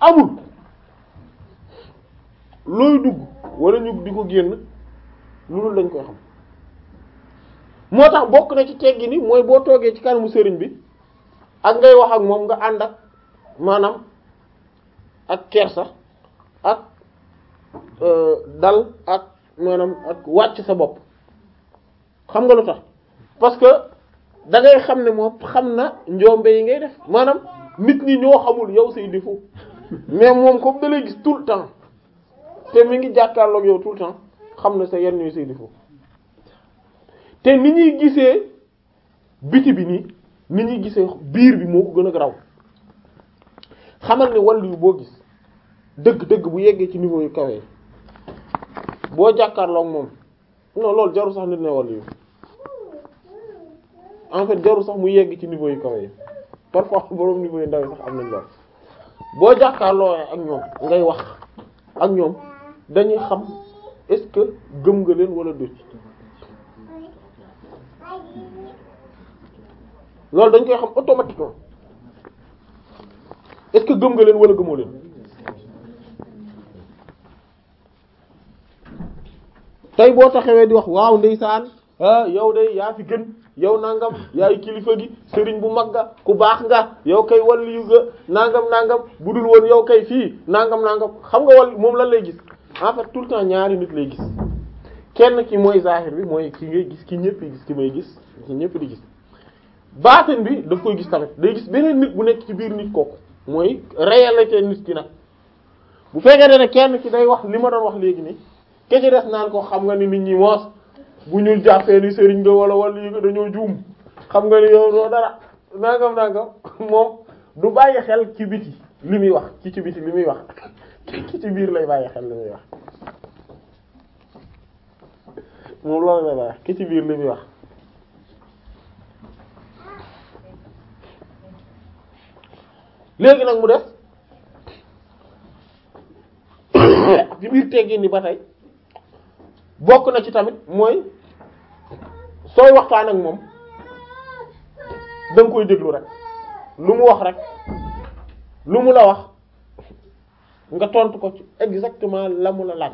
amul looy dugg wala ñu di ko génn moo tax bokk na ci teggi ni mooy boo toogee ci kanamu sëriñ bi ak ngay wax ak moom nga ànd ak maanaam ak kersa ak euh, dal ak maanaam ak wàcc sa bopp xam nga lu tax parce que da xam ne moom xam na njombe yi ngay def maanaam nit ñi ñoo xamul yow say défaut mais moom comme da gis tout le temps te mi ngi jàkkaarloog yow tout le temps xam na sa yan ñooy say défaut te ni ñuy gisee biti bi nii ni ñuy gisee biir bi moo ko gën a graw xamal ne wàll yu boo gis dëgg-dëgg bu yeggee ci niveau yu kawe boo jàkkaarloog moom non loolu jaru sax nit ne wala en fait jaru sax mu yegg ci niveau yu kaw yi parfois borom niveau yu ndaw yi sax am nañ lool boo jàkkaarloo ak ñoom ngay wax ak ñoom dañuy xam est-ce que gëm nga leen wala dëcc loolu dañ koy xam automatiquement est-ce que gëm leen wala gëmoo leen. tey boo taxawee di wax waaw ndeysaan ah yow de yaa fi gën yow nangam yaay kilifa gi sëriñ bu mag ga ku baax nga yow kay waliyu nga nangam bu dul woon yow kay fii nangam nangam xam nga wal moom lan lay gis en fait tout le temps ñaari nit lay gis kenn ki mooy zahir bi mooy ki ngay gis ki ñëpp di gis ki may gis ñëpp di bi daf koy gis tamit day gis beneen nit bu nekk ci biir nit kooku mooy réalité nit ki nag bu fekkee ne kenn ki day wax li ma doon wax léegi nii. ke ci des naan ko xam nga ni nit ñi moos bu ñu jàppee ni sëriñ bi wala wala ñu ko dañoo juum xam nga ni yow doo dara nangam nangam moom du bàyyi xel ci biti li muy wax ci ci biti li muy wax biir lay bàyyi xel li muy wax moom loolu lay bàyyi ki ci biir li muy wax léegi nag mu def ci biir teggin ni ba tey bokk na ci tamit mooy sooy waxtaan ak moom danga koy déglu rek lu mu wax rek lu mu la wax nga tontu ko ci exactement la mu la laaj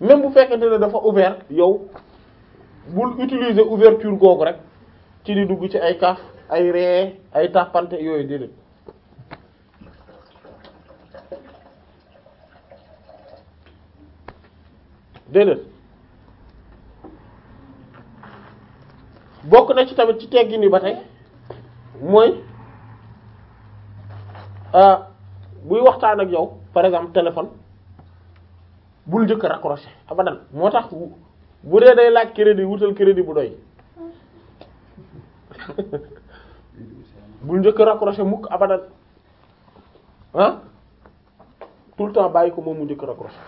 même bu fekkente ne dafa ouvert yow bul utiliser ouverture googu rek ci di dugg ci ay kaaf ay ree ay tàppante yooyu déedéet déedéet bokk na ci tamit ci teggin yi ba tey mooy euh, buy waxtaan ak yow par exemple téléphone bul jëkk raccroché abadan moo tax bu dee day laaj crédit wutal crédit bu doy bul njëkk raccroché mukk abadan ah tout le temps bàyyi ko moom mu njëkk raccroché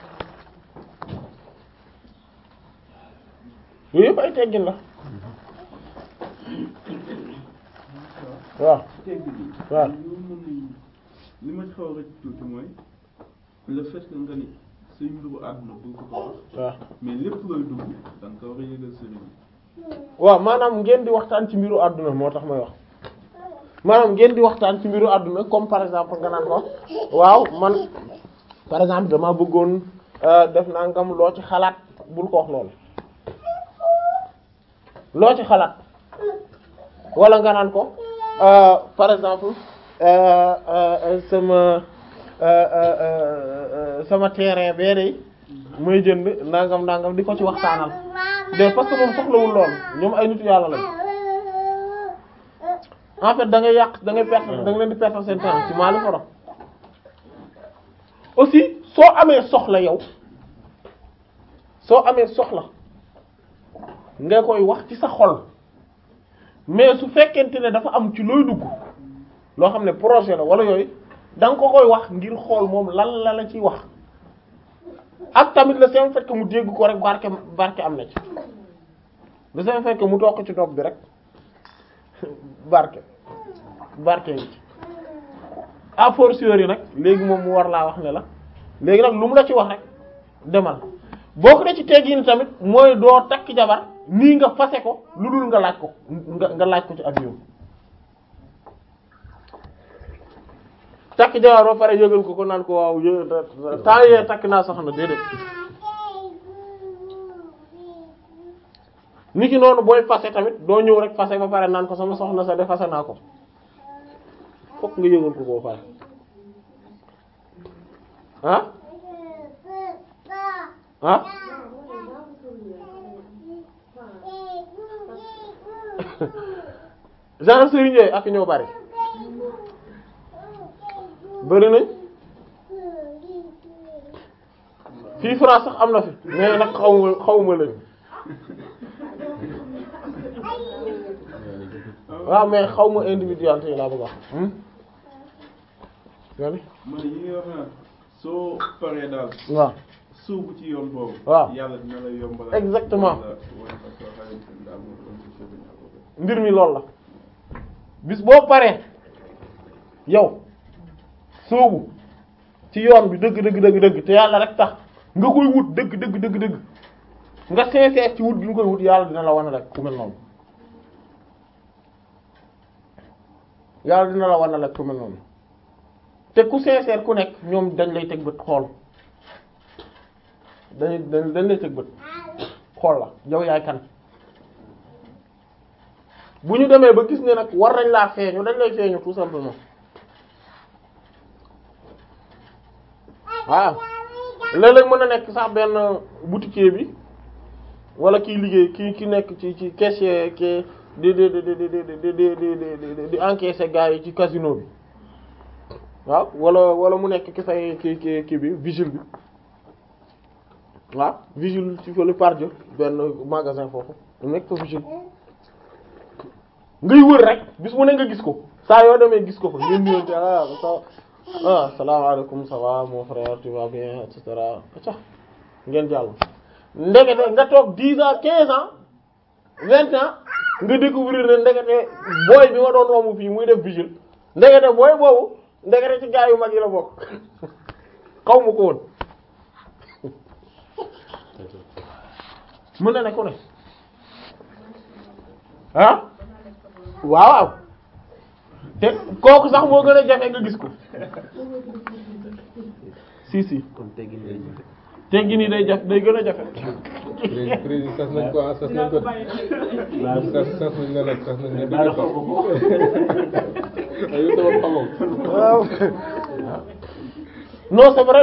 yooyu yëpp ay teggin la waaw. waaw. mooy le waaw maanaam ngeen di waxtaan ci mbiru àdduna moo tax may wax. maanaam ngeen di waxtaan ci mbiru àdduna comme par exemple nga naan ko waaw man par exemple dama bëggoon euh, def nangam loo ci xalaat bul ko loolu loo ci xalaat wala nga naan ko euh, par exemple euh, euh, sama sama terrain bee day mooy jënd nangam ndangam di ko ci waxtaanal de parce que moom soxlawul lool ñoom ay nitu yàlla lañ en fait da ngay yàq da ngay perte da leen di perte seen temps ci maali foro aussi soo amee soxla yow soo amee soxla nga koy wax ci sa xol mais su fekkente ne dafa am ci looy dugg loo xam ne projet la wala yooyu da nga ko koy wax ngir xool moom lan la la ciy wax ak tamit le seul fait mu dégg ko rek barke barke am na ci le seul fait mu toog ko ci nopp bi rek barke barke ngi ci a fortiori nag léegi moom mu war laa wax ne la léegi nag lu mu la ci wax rek demal boo ko na ci teggin tamit mooy doo takk jabar nii nga fase ko lu dul nga laaj ko nga laaj ko ci addiyam takk jawaar ba pare yëgal ko ko naan ko waaw yë yee takk naa soxna déedéet nit ki noonu booy fase tamit doo ñëw rek fase ba pare naan ko sama soxna sa de fase naa ko fokk nga yëgal ko koo pare ah ah genre sëriñ yooyu ak ñoo bari bëri nañ fii France sax am na fi mais nag xaw ma xaw ma leen waaw mais xaw ma individualité laa bëgg a wax. Hmm? man yi yoon boobu. waaw yàlla exactement. mbir mi loolu la bis boo paree yow soobu ci yoon bi dëgg dëgg dëgg dëgg te yàlla rek tax nga koy wut dëgg dëgg dëgg nga sincère ci wut gi koy wut yàlla dina la wane la ku mel noonu yàlla dina la na la ku mel noonu te ku sincère ku nekk ñoom dañ lay teg bët xool dañ dañ lay teg bët xool la yow yaay kan bu ñu demee ba gis ne nag war nañ laa feeñu nañ lay feeñu tout simplement waaw léeg-léeg mën na nekk sax benn boutiquier bi wala kii liggéey ki ki nekk ci ci caissier ke di di di di di di di encaisser gars yi ci casino bi waaw walla wala mu nekk ki say ki ki ki bi vigile bi waaw vigile ci fële par Dieu benn magasin foofu mu nekk fa vigile ngay wër rek bis mu ne nga gis ko saa yoo demee gis ko fa ngeen ñëwante ah ah salaamaaleykum ça va mon frère tu bien et cetera acca ngeen jàll. ndekete nga toog dix ans quinze ans vingt nga découvrir ne ndekete booy bi nga doon romb fii muy def vigile ndekete booy boobu ndekete ci gaa yu mag yi la bokk xaw ma ko ne ku ah. waaw waaw te kooku sax moo gën a jafe nga gis ko si si. kon teggin day jafe. teggin yi day gën a jafe. président sas nañ ko ah sas nañ ko sas sas nañ la nag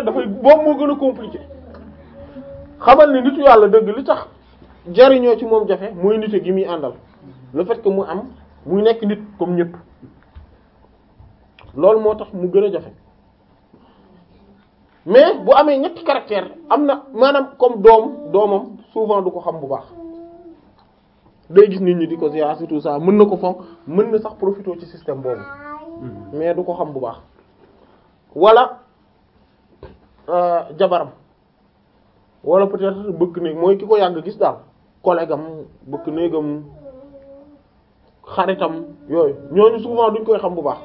dafay boobu moo gën a compliqué xamal ni nitu yàlla dëgg li tax jariñoo ci moom jafe mooy nit gi muy àndal le fait mu am. muy nekk nit comme ñëpp loolu moo tax mu gën a jafe mais bu amee ñetti caractère am na maanaam comme doom doomam souvent du ko xam bu baax day gis nit ñi di ko ziar surtout ça mën na ko fonk mën na sax profiter ci système boobu mais du ko xam bu baax wala euh, jabaram wala peut-être bëgg ne mooy ki ko yàgg gis daal collègue am bëgg néegam xaritam yooyu ñooñu souvent duñ koy xam bu baax.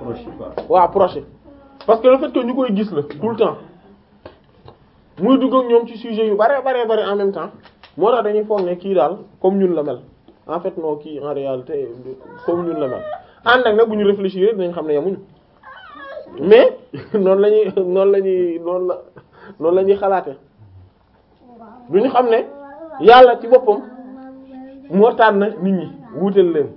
proche waaw proche parce que le fait que ñu koy gis la tout le temps muy dugg ak ñoom ci sujet yu bare bare bare en même temps moo tax dañuy foog ne kii daal comme ñun la mel en fait non kii en réalité comme ñun la mel ànd ak nag bu ñu réfléchir dinañ xam ne yamuñu mais noonu la ñuy noonu la ñuy noonu la noonu la ñuy xalaate duñu xam ne yàlla ci boppam. moo tànn nit ñi wuuteel leen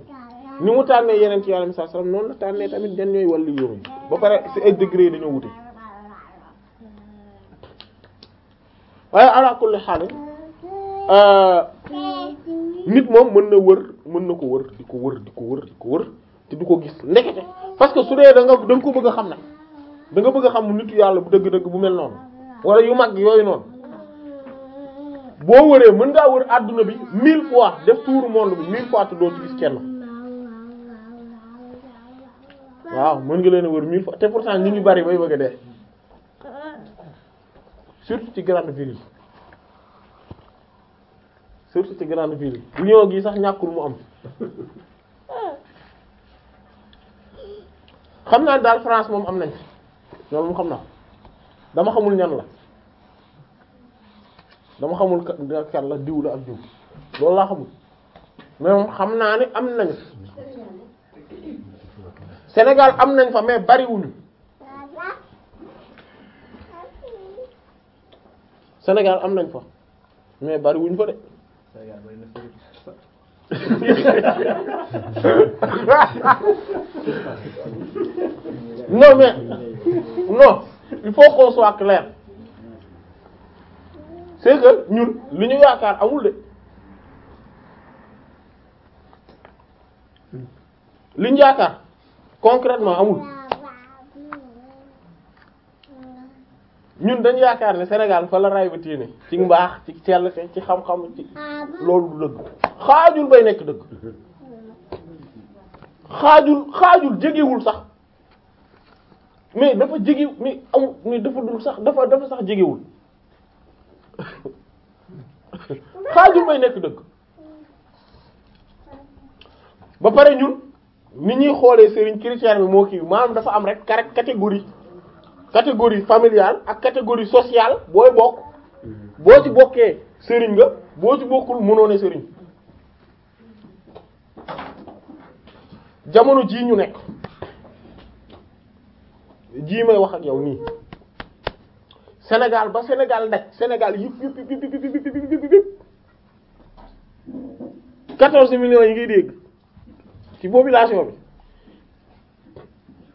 ni mu tànnee yeneen ci yàlla mi sallallahu alayhi wasallam noonu la tànnee tamit ñan ñooy wàllu yoon ba pare ci ay degré yi dañoo wuute waaye ala kulli euh, nit moom mën na wër mën na ko wër di ko wër di ko wër te du ko gis ndekete parce que su dee da nga da ko bëgg a xam na da nga bëgg a xam nitu yàlla bu dëgg-dëgg bu mel noonu wala yu mag yooyu noonu boo wëree mën ngaa wër àdduna bi mille fois def tour monde bi mille fois te doo ci gis kenn waaw mën nga leen wër mille fois te pourtant nit ñu bari bay bëgg a surtout ci grande ville yi surtout ci grande ville yi gi sax ñàkkul mu am xam naa daal France moom am nañ loolu mu xam naa dama xamul ñan la dama xamul kan la diw ak diw loolu laa xamul mais xam naa ne am nañu Sénégal am nañ fa mais bariwuñu Sénégal am nañ fa mais bariwuñu fa de non mais non il faut qu'on soit c'est que ñun li ñu yaakaar amul de li ñu yaakaar concretement amul ñun dañu yaakaar ne Sénégal fa la raay ba téene ci mbaax ci sell ci xam-xam ci loolu du dëgg xaajul bay nekk dëgg xaajul xaajul jegewul sax mais dafa jege mais amul mais dafa dul sax dafa dafa sax jegewul xaajul may nekk dëgg ba pare ñun ni ñuy xoolee sëriñ chrétien bi moo kii maanaam dafa am rek carré catégorie catégorie familiale ak catégorie sociale booy bokk boo ci bokkee sëriñ nga boo ci bokkul mënoon sëriñ jamono jii ñu nekk jii may wax ak yow nii Sénégal ba Sénégal ndaj senegal yëpp yëpp quatorze millions yi ngay dégg ci population bi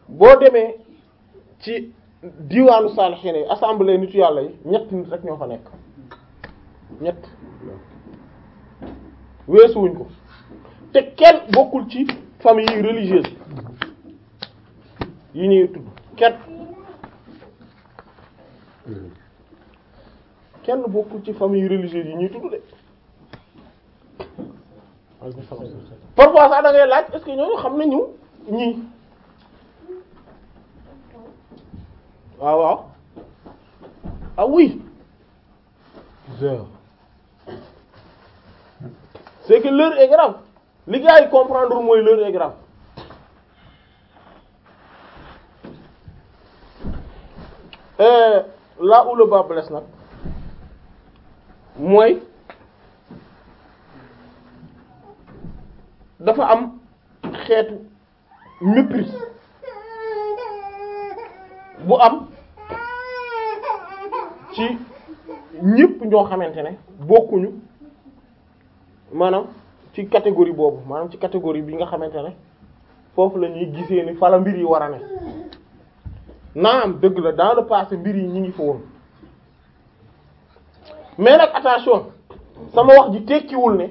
boo demee ci diwaanu saalixiin yi assemblée nitu yàlla yi ñett nit rek ñoo fa nekk ñett weesuwuñ ko te kenn bokkul ci famille religieuse yi ñuy tudd kenn kenn bokkul ci famille religieuse yi ñuy tudd de parfois sax da ngay laaj est-ce que ñooñu xam nañu ñii waaw waaw ah oui c'est que l'heure est li gars yi comprendre mooy l'heure est grave Et euh, là où le dafa am xeetu mépris bu am ci ñépp ñoo xamante ne bokkuñu maanaam ci catégorie boobu maanaam ci catégorie bi nga xamante ne foofu la ñuy gisee ni fala mbir yi war a ne naam dëgg la dans le passé mbir yi ñu ngi fa mais nag attention sama wax ji tekkiwul ne.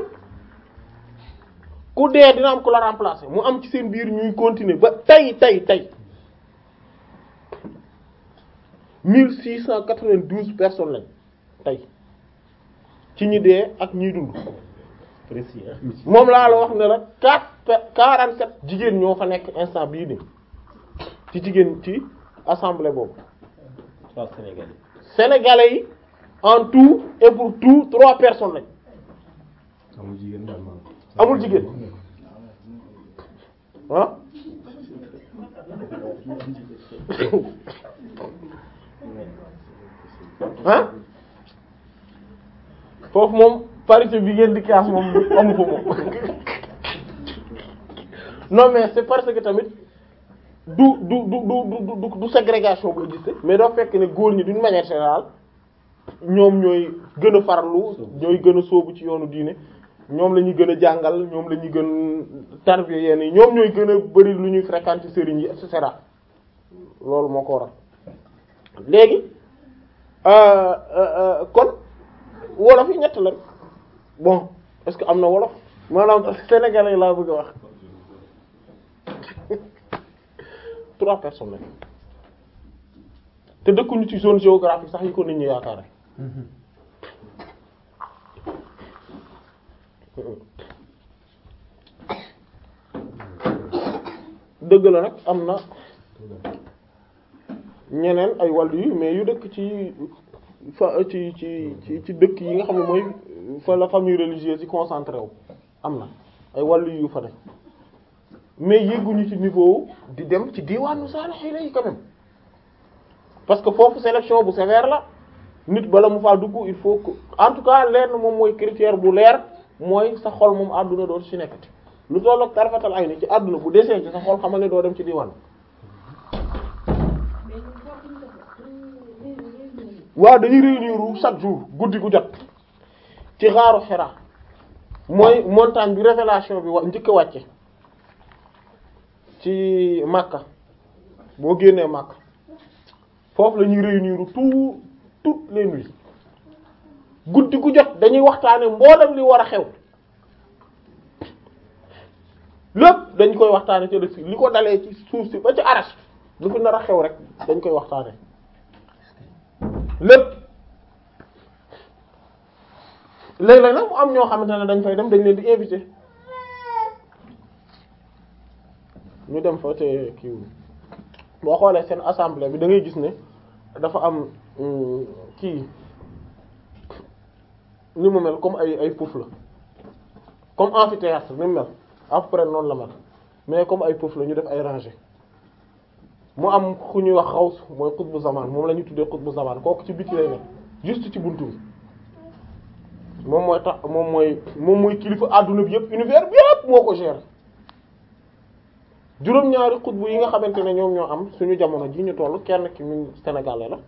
ku dee dina am ko la remplacer mu am ci seen biir ñuy continuer ba tey tey tey mille six cent quatre-vingt-douze personnes lañ tey ci ñi dee ak ñiy dund moom laa la wax ne la quatre quarante-sept jigéen ñoo fa nekk instant bii nii ci jigéen ci assemblée boobu sénégalais yi en tout et pour tout trois personnes lañ amul jigéen ah foofu moom parité bi ngeen di kaas moom amu ko moom non mais c'est parce que tamit du du du du du du ségrégation bu existé mais doo fekk ne góor ñi d'une manière générale ñoom ñooy gën a farlu ñooy gën a sóobu ci yoonu diine ñoom la ñuy gën a jàngal ñoom la ñuy gën tarbiya yenn yi ñoom ñooy gën a bari lu ñuy fréquenter sëriñ yi et cetera loolu moo ko waral léegi euh, euh, euh, kon wolof yi ñett la bon est-ce que am na wolof maanaam sénégalais laa bëgg a wax trois personnes te dëkkuñu ci zone géographique sax yi ko nit ñi yaakaare mm-hmm. dëgg la nag am na ñeneen ay wàll yu mais yu dëkk ci fa ci ci ci dëkk yi nga xam ne mooy fa la famille religieuse yi concentré wu am na ay wàll yu fa def mais yegguñu ci niveau di dem ci diwaanu saalihiina yi quand parce que foofu sélection bu sévère la nit bala mu faa dugg il faut que en tout cas na moom mooy critère bu leer mooy sa xol moom àdduna doo ci nekkati lu toll ak tarfatal ay ni ci àdduna bu desee ci sa xol xamal ne doo dem ci diwaan. waaw dañuy réunir chaque jour guddi gu jot ci xaaru Hira mooy montagne bi révélation bi wa njëkk wàcce ci Makka boo génnee Makka foofu la ñuy réunir tout toutes les nuits. guddi gu jot dañuy waxtaane mboolem li war a xew lépp dañ koy waxtaane ci dëkk li ko dalee ci suuf si ba ci aras lu fi nar a xew rek dañ koy waxtaane lépp léeg-léeg nag mu am ñoo xamante ne dañ fay dem dañ leen di invité ñu dem fa te kii boo xoolee seen assemblée bi dangay gis ne dafa am hmm, kii ni mu mel comme ay ay puuf la comme amphithéâtre ni mu mel à noonu la mel mais comme ay puuf la ñu def ay rangées mu am ku ñuy wax xaws mooy xutbu zamaan moom la ñu tuddee bu zamaan kooku ci biti lay ne juste ci buntu bi moom mooy tax moom mooy moom mooy kilifa adduna bi yëpp univers bi yëpp moo ko gérer juróom-ñaari xutbu yi nga xamante ne ñoom ñoo am suñu jamono ji ñu toll kenn ki mu Sénégalais la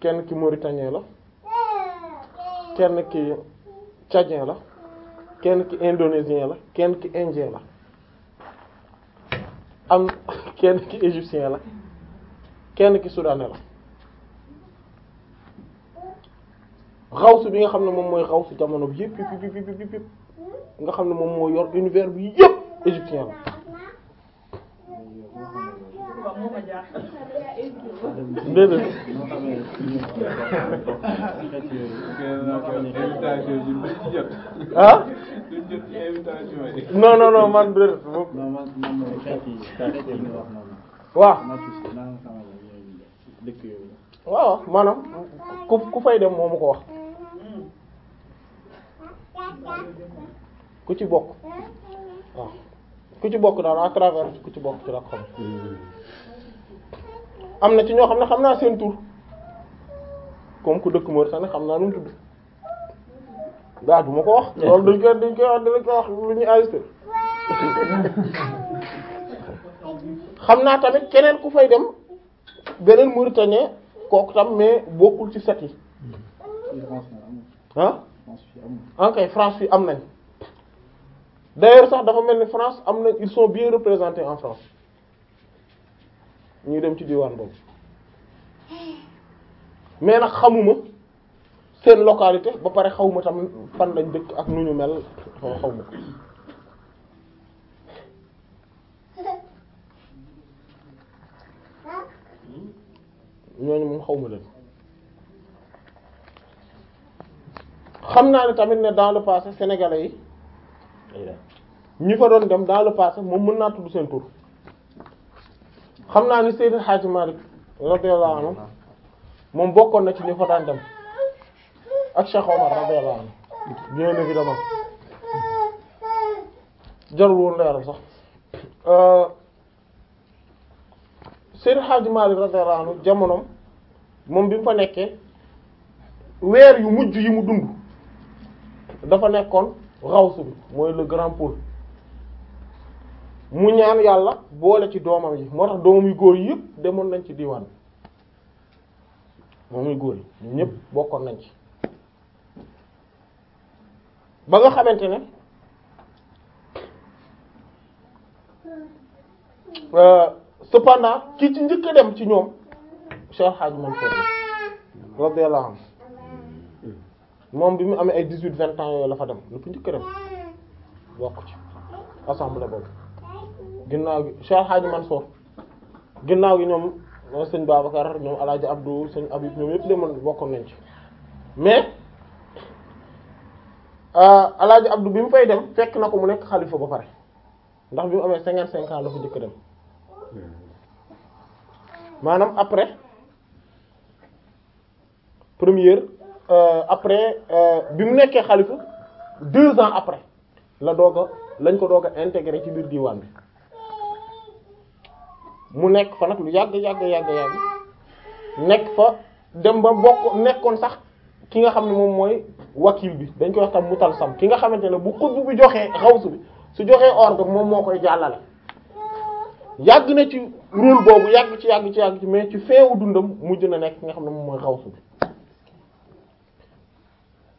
kenn ki Mauritanien la kenn ki tchadien la kenn ki indonésien la kenn ki indien la am kenn ki égyptien la kenn ki soudanais la si bi nga xam ne moom mooy xaw xawsu jamono bi yëpp yëpp yëpp nga xam ne moom mooy yor univers bi yëpp égyptien la déedéet. ah. non non non man déedéet foofu. waaw. waaw maanaam ku ku fay dem moomu ko wax. ku ci bokk. waaw ku ci bokk daal à travers ku ci bokk ci la xam. am na ci ñoo xam ne xam naa seen tur comme ku dëkk Mauritanie xam naa nu mu tudd daa du ko wax. loolu duñ koy duñ koy wax dinañ ko xam naa tamit keneen ku fay dem beneen Mauritanien kooku tam mais bokkul ci set yi. en ah? ah? kay France fii am nañ. d'ailleurs sax dafa mel ni France am na il sont bien représenté en France. ñu dem ci diwaan boobu mais nag xamuma seen localité ba pare xawma tamit fan lañ dëkk ak nu ñu mel xaw ma ñooñu moom xaw ma leen xam naa ni tamit ne dans le passé sénégalais yi ñi fa doon dem dans le passé moom mën naa tudd seen pour xam naa ni Seydil Hadji Malick moom bokkoon na ci ñu fa daan dem ak Cheikh Omar radiyallahu anhu sax euh, Seydil Hadji Malick jamonoom moom bi mu fa nekkee weer yu mujj yi mu dund dafa nekkoon rawsu bi mooy le grand pôle mu ñaan yàlla boole ci doomam yi moo tax doomam yu góor yi yëpp demoon nañ ci diwaan moom yu góor yi ñépp bokkoon nañ ci ba nga xamante ne euh, cependant ki ci njëkk dem ci ñoom Cheikh Hadj Mansour radiyallahu anhu moom bi mu amee ay dix-huit vingt ans yooyu la fa dem lu fi njëkk a dem bokk ci assemblée boobu ginnaaw gi Cheikh Hadji Mansour ginnaaw gi ñoom sëñ Babacar ñoom Alaaji Abdou sëñ Abib ñoom yëpp demoon bokkoon nañ ci mais euh, Alaaji Abdou bi mu fay dem fekk na ko mu nekk xalifa ba pare ndax bi mu amee cinquante cinq ans la fa njëkk dem maanaam après première euh, après euh, bi mu nekkee xalifa deux ans après la doog a lañ ko doog a intégré ci biir diwaan bi mu nekk fa nag lu yàgg yàgg yàgg yàgg nekk fa dem ba bokk nekkoon sax ki nga xam ne moom mooy wakil bi dañ koy wax tam mutalsam ki nga xamante ne bu xutb bi joxee xawsu bi su joxee ordre moom moo koy jàllale yàgg na ci rôle boobu yàgg ci yàgg ci yàgg ci mais ci feewu dundam mujj na nekk ki nga xam ne moom mooy xawsu bi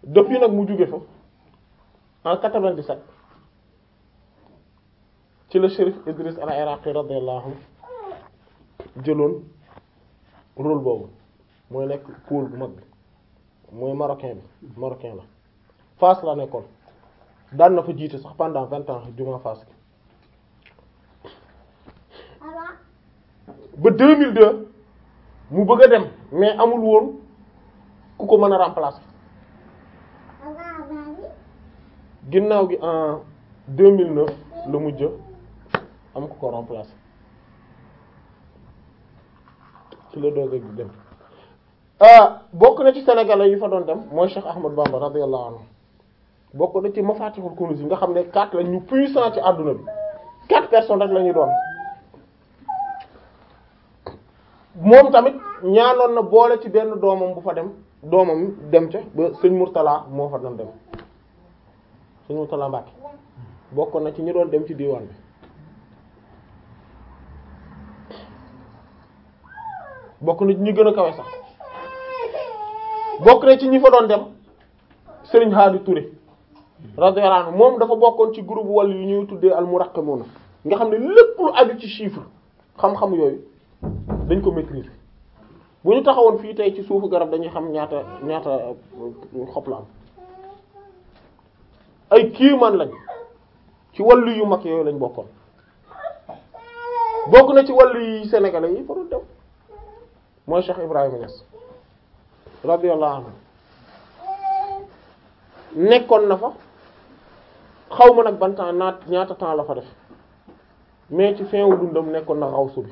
depuis nag mu jóge fa en 97 ci la Chérif Idriss al-Iraqi radiyallahu anhu jëloon rôle boobu mooy nekk pôle bu mag mooy marocain bi marocain la Fass la nekkoon daan na fa jiite sax pendant vingt ans jumaa Fass gi ba 2002 mu bëgg a dem mais amul woon ku ko mën a remplacer ginnaaw gi en 2009 la mujj am ku ko remplacer ci la doog a dem ah, bokk na ci sénégalais yi fa doon dem mooy Cheikh Ahmad Bamba radiyallahu anhu bokk na ci Mafatihul Kunuz yi nga xam ne quatre la ñu puissant ci àdduna bi quatre personnes rek lañu doon moom tamit ñaanoon na boole ci benn doomam bu fa dem doomam dem ca ba sëñ Murtala moo fa doon dem sëñ Murtala Mbàkke bokk na ci ñu doon dem ci diwaan bi bokk na ñu gën a kawe sax bokk na ci ñi fa doon dem Serigne Hadi ture radiyallahu anhu moom dafa bokkoon ci groupe wàll yu ñuy tuddee al mu na nga xam ne lépp lu aju ci chiffre xam-xam yooyu dañ ko maîtriser bu ñu taxawoon fii tey ci suufu garab dañuy xam ñaata ñaata xob la am ay kiimaan lañ ci wàllu yu mag yooyu lañ bokkoon bokk na ci wàllu yi sénégalais yi fa doon dem mooy Cheikh Ibrahima Niass radiyallahu anhu nekkoon na fa xaw ma nag ban ñaata temps la fa def mais ci fin wu dundam nekkoon na xaw bi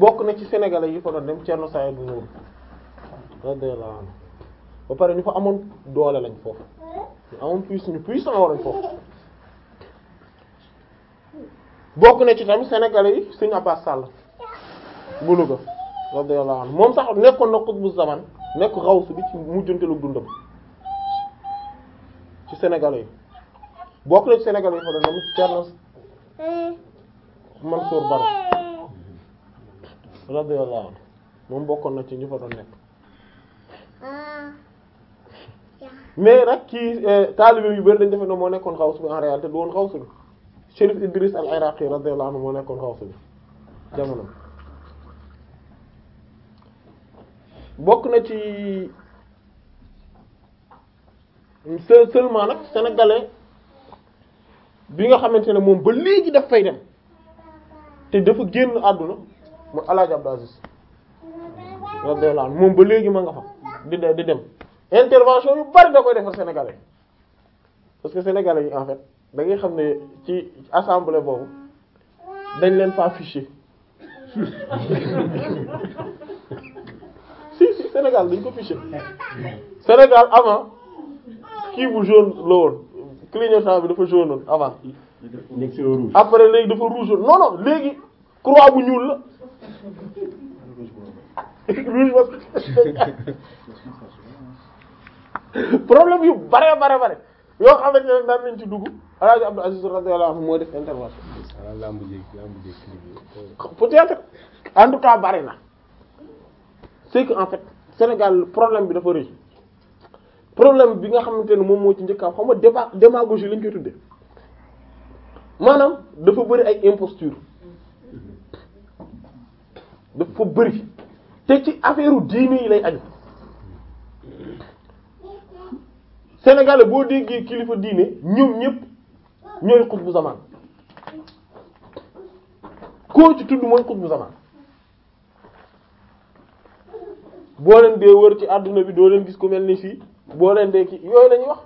bokk na ci sénégalais yi ko doon dem Thierno Saïd Nour radiyallahu anhu ba pare ñu fa amoon doole lañ foofu ñu amoon puissance ñu puissance waroon foofu bokk na ci tamit sénégalais yi Sëriñ Abbas Sall bu Louga radiyallahu anhu moom sax nekkoon na qutbu zaman nekk xaw su bi ci mujjantelu dundam ci sénégalais yi bokk na ci sénégalais yi fa doon dam Thierno Mansour Baro radiyallahu anhu moom bokkoon na ci ñu fa doon nekk ah, mais rek kii eh, taalibe yu bari dañ defe ne moo nekkoon xaw su bi en réalité Chérif Idriss al-Iraqi radiyallahu anhu moo nekkoon xawsu bi jamono bokk na ci seulement nag sénégalais bi nga xamante ne moom ba léegi daf fay dem te dafa génn àdduna mu El Hadj Abdou Aziz radiyallahu anhu moom ba léegi ma nga fa di di dem intervention yu bari da koy defar sénégalais parce que sénégalais yi en fait. da ngay xam ne ci assemblée boobu dañ leen fa fiché si si Sénégal dañ ko fiché Sénégal avant kii bu jaune la woon clignotant bi dafa jaune woon avant. après léegi dafa rouge non non léegi croix bu ñuul la. problème yu bare bare bare yoo xamante ne daan nañ ci dugg. Alaaji Abdou Aziz radiyallahu anhu moo def intervention. peut-être en tout bari na c'est que en fait Sénégal problème bi dafa rëy problème bi nga xamante ne moom moo ci njëkk a xam nga déma yi lañ koy tuddee maanaam dafa bari ay imposture dafa bëri te ci affaire diine yi lay aju Sénégal boo déggee kilifa diine ñoom ñëpp. ñooy xutbu zaman koo ci tudd mooy xutbu zaman boo leen dee wër ci àdduna bi doo leen gis ku mel ni fii boo leen dee ki yooyu lañuy wax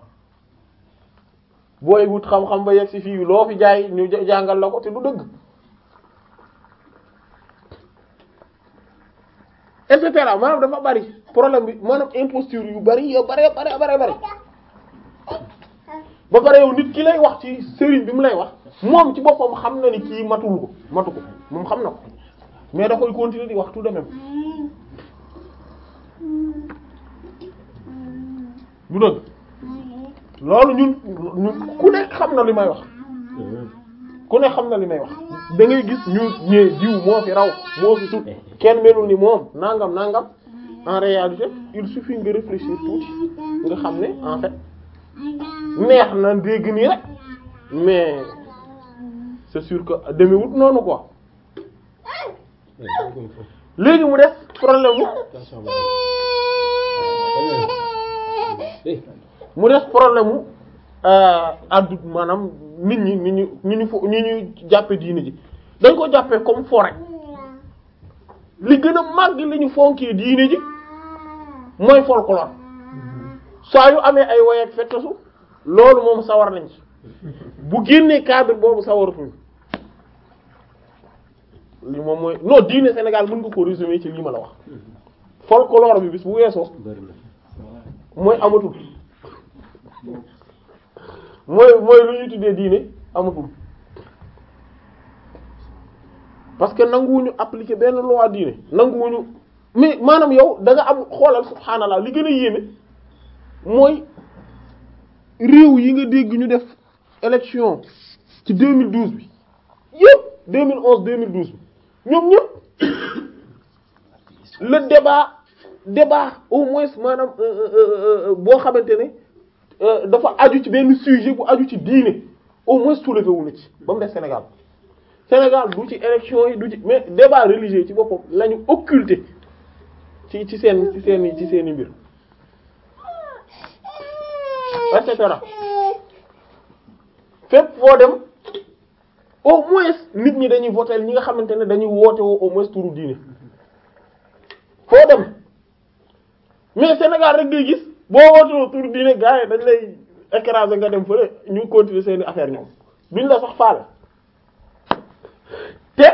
booy wut xam-xam ba yegg si fii loo fi jaay ñu jàngal la ko te du dëgg et cetera maanaam dafa bari problème bi maanaam imposture yu bari yoo bari bari bari bari ba pare yow nit ki lay wax ci sëriñ bi mu lay wax moom ci boppam xam na ni kii matul ko matu moom xam na ko mais da koy di wax tout de même loolu ñun ñun ku nekk xam na li may wax ku ne xam na li may wax dangay gis ñu ñee diw moo fi raw moo fi sut kenn melul ni moom nangam nangam en réalité il suffit nga réfléchir tuuti nga xam ne en fait neex na dégg nii rek mais c'est sûr que demewut noonu ko léegi mu def problème mu mu des problème mu euh, addu maanaam nit ñi nit ñu ñu ñu ñu ñu jàppe diini ji dañ ko jàppee comme fo rek li gën a màgg li ñu fonkee diini ji mooy folklore saa yu amee ay woy ak fetasu loolu moom sawar nañ ci bu génnee cadre boobu sawaratuñ li moom mooy non diine Sénégal mën nga ko résumer ci lii ma la wax folklore bi bis bu weesoo mooy amatul mooy mooy lu ñuy tuddee diine amatul parce que nanguwuñu appliquer benn loi diine nanguwuñu mais maanaam yow da am xoolal subhaanallah li gën a yéeme. mooy réew yi nga dégg ñu def élection ci 2012 bi yëpp mille 2012 bi ñoom ñëpp le débat débat au moins maanaam euh, euh, euh, boo xamante ne dafa aju ci benn sujet bu aju ci diine au moins soulevé wu na ci ba mu def Sénégal Sénégal du ci élection yi du ci mais débat religieux ci boppam la ñu occulté ci ci seen ci seen ci seen i mbir. et cetera fépp foo dem au moins nit ñi dañuy voter ñi nga xamante ne dañuy woote woo au moins turu diine foo dem mais Sénégal rek ngay gis boo wootewoo turu diine gars yi dañ lay écraser nga dem fële ñu continuer seeni affaire ñoom duñ la sax faale te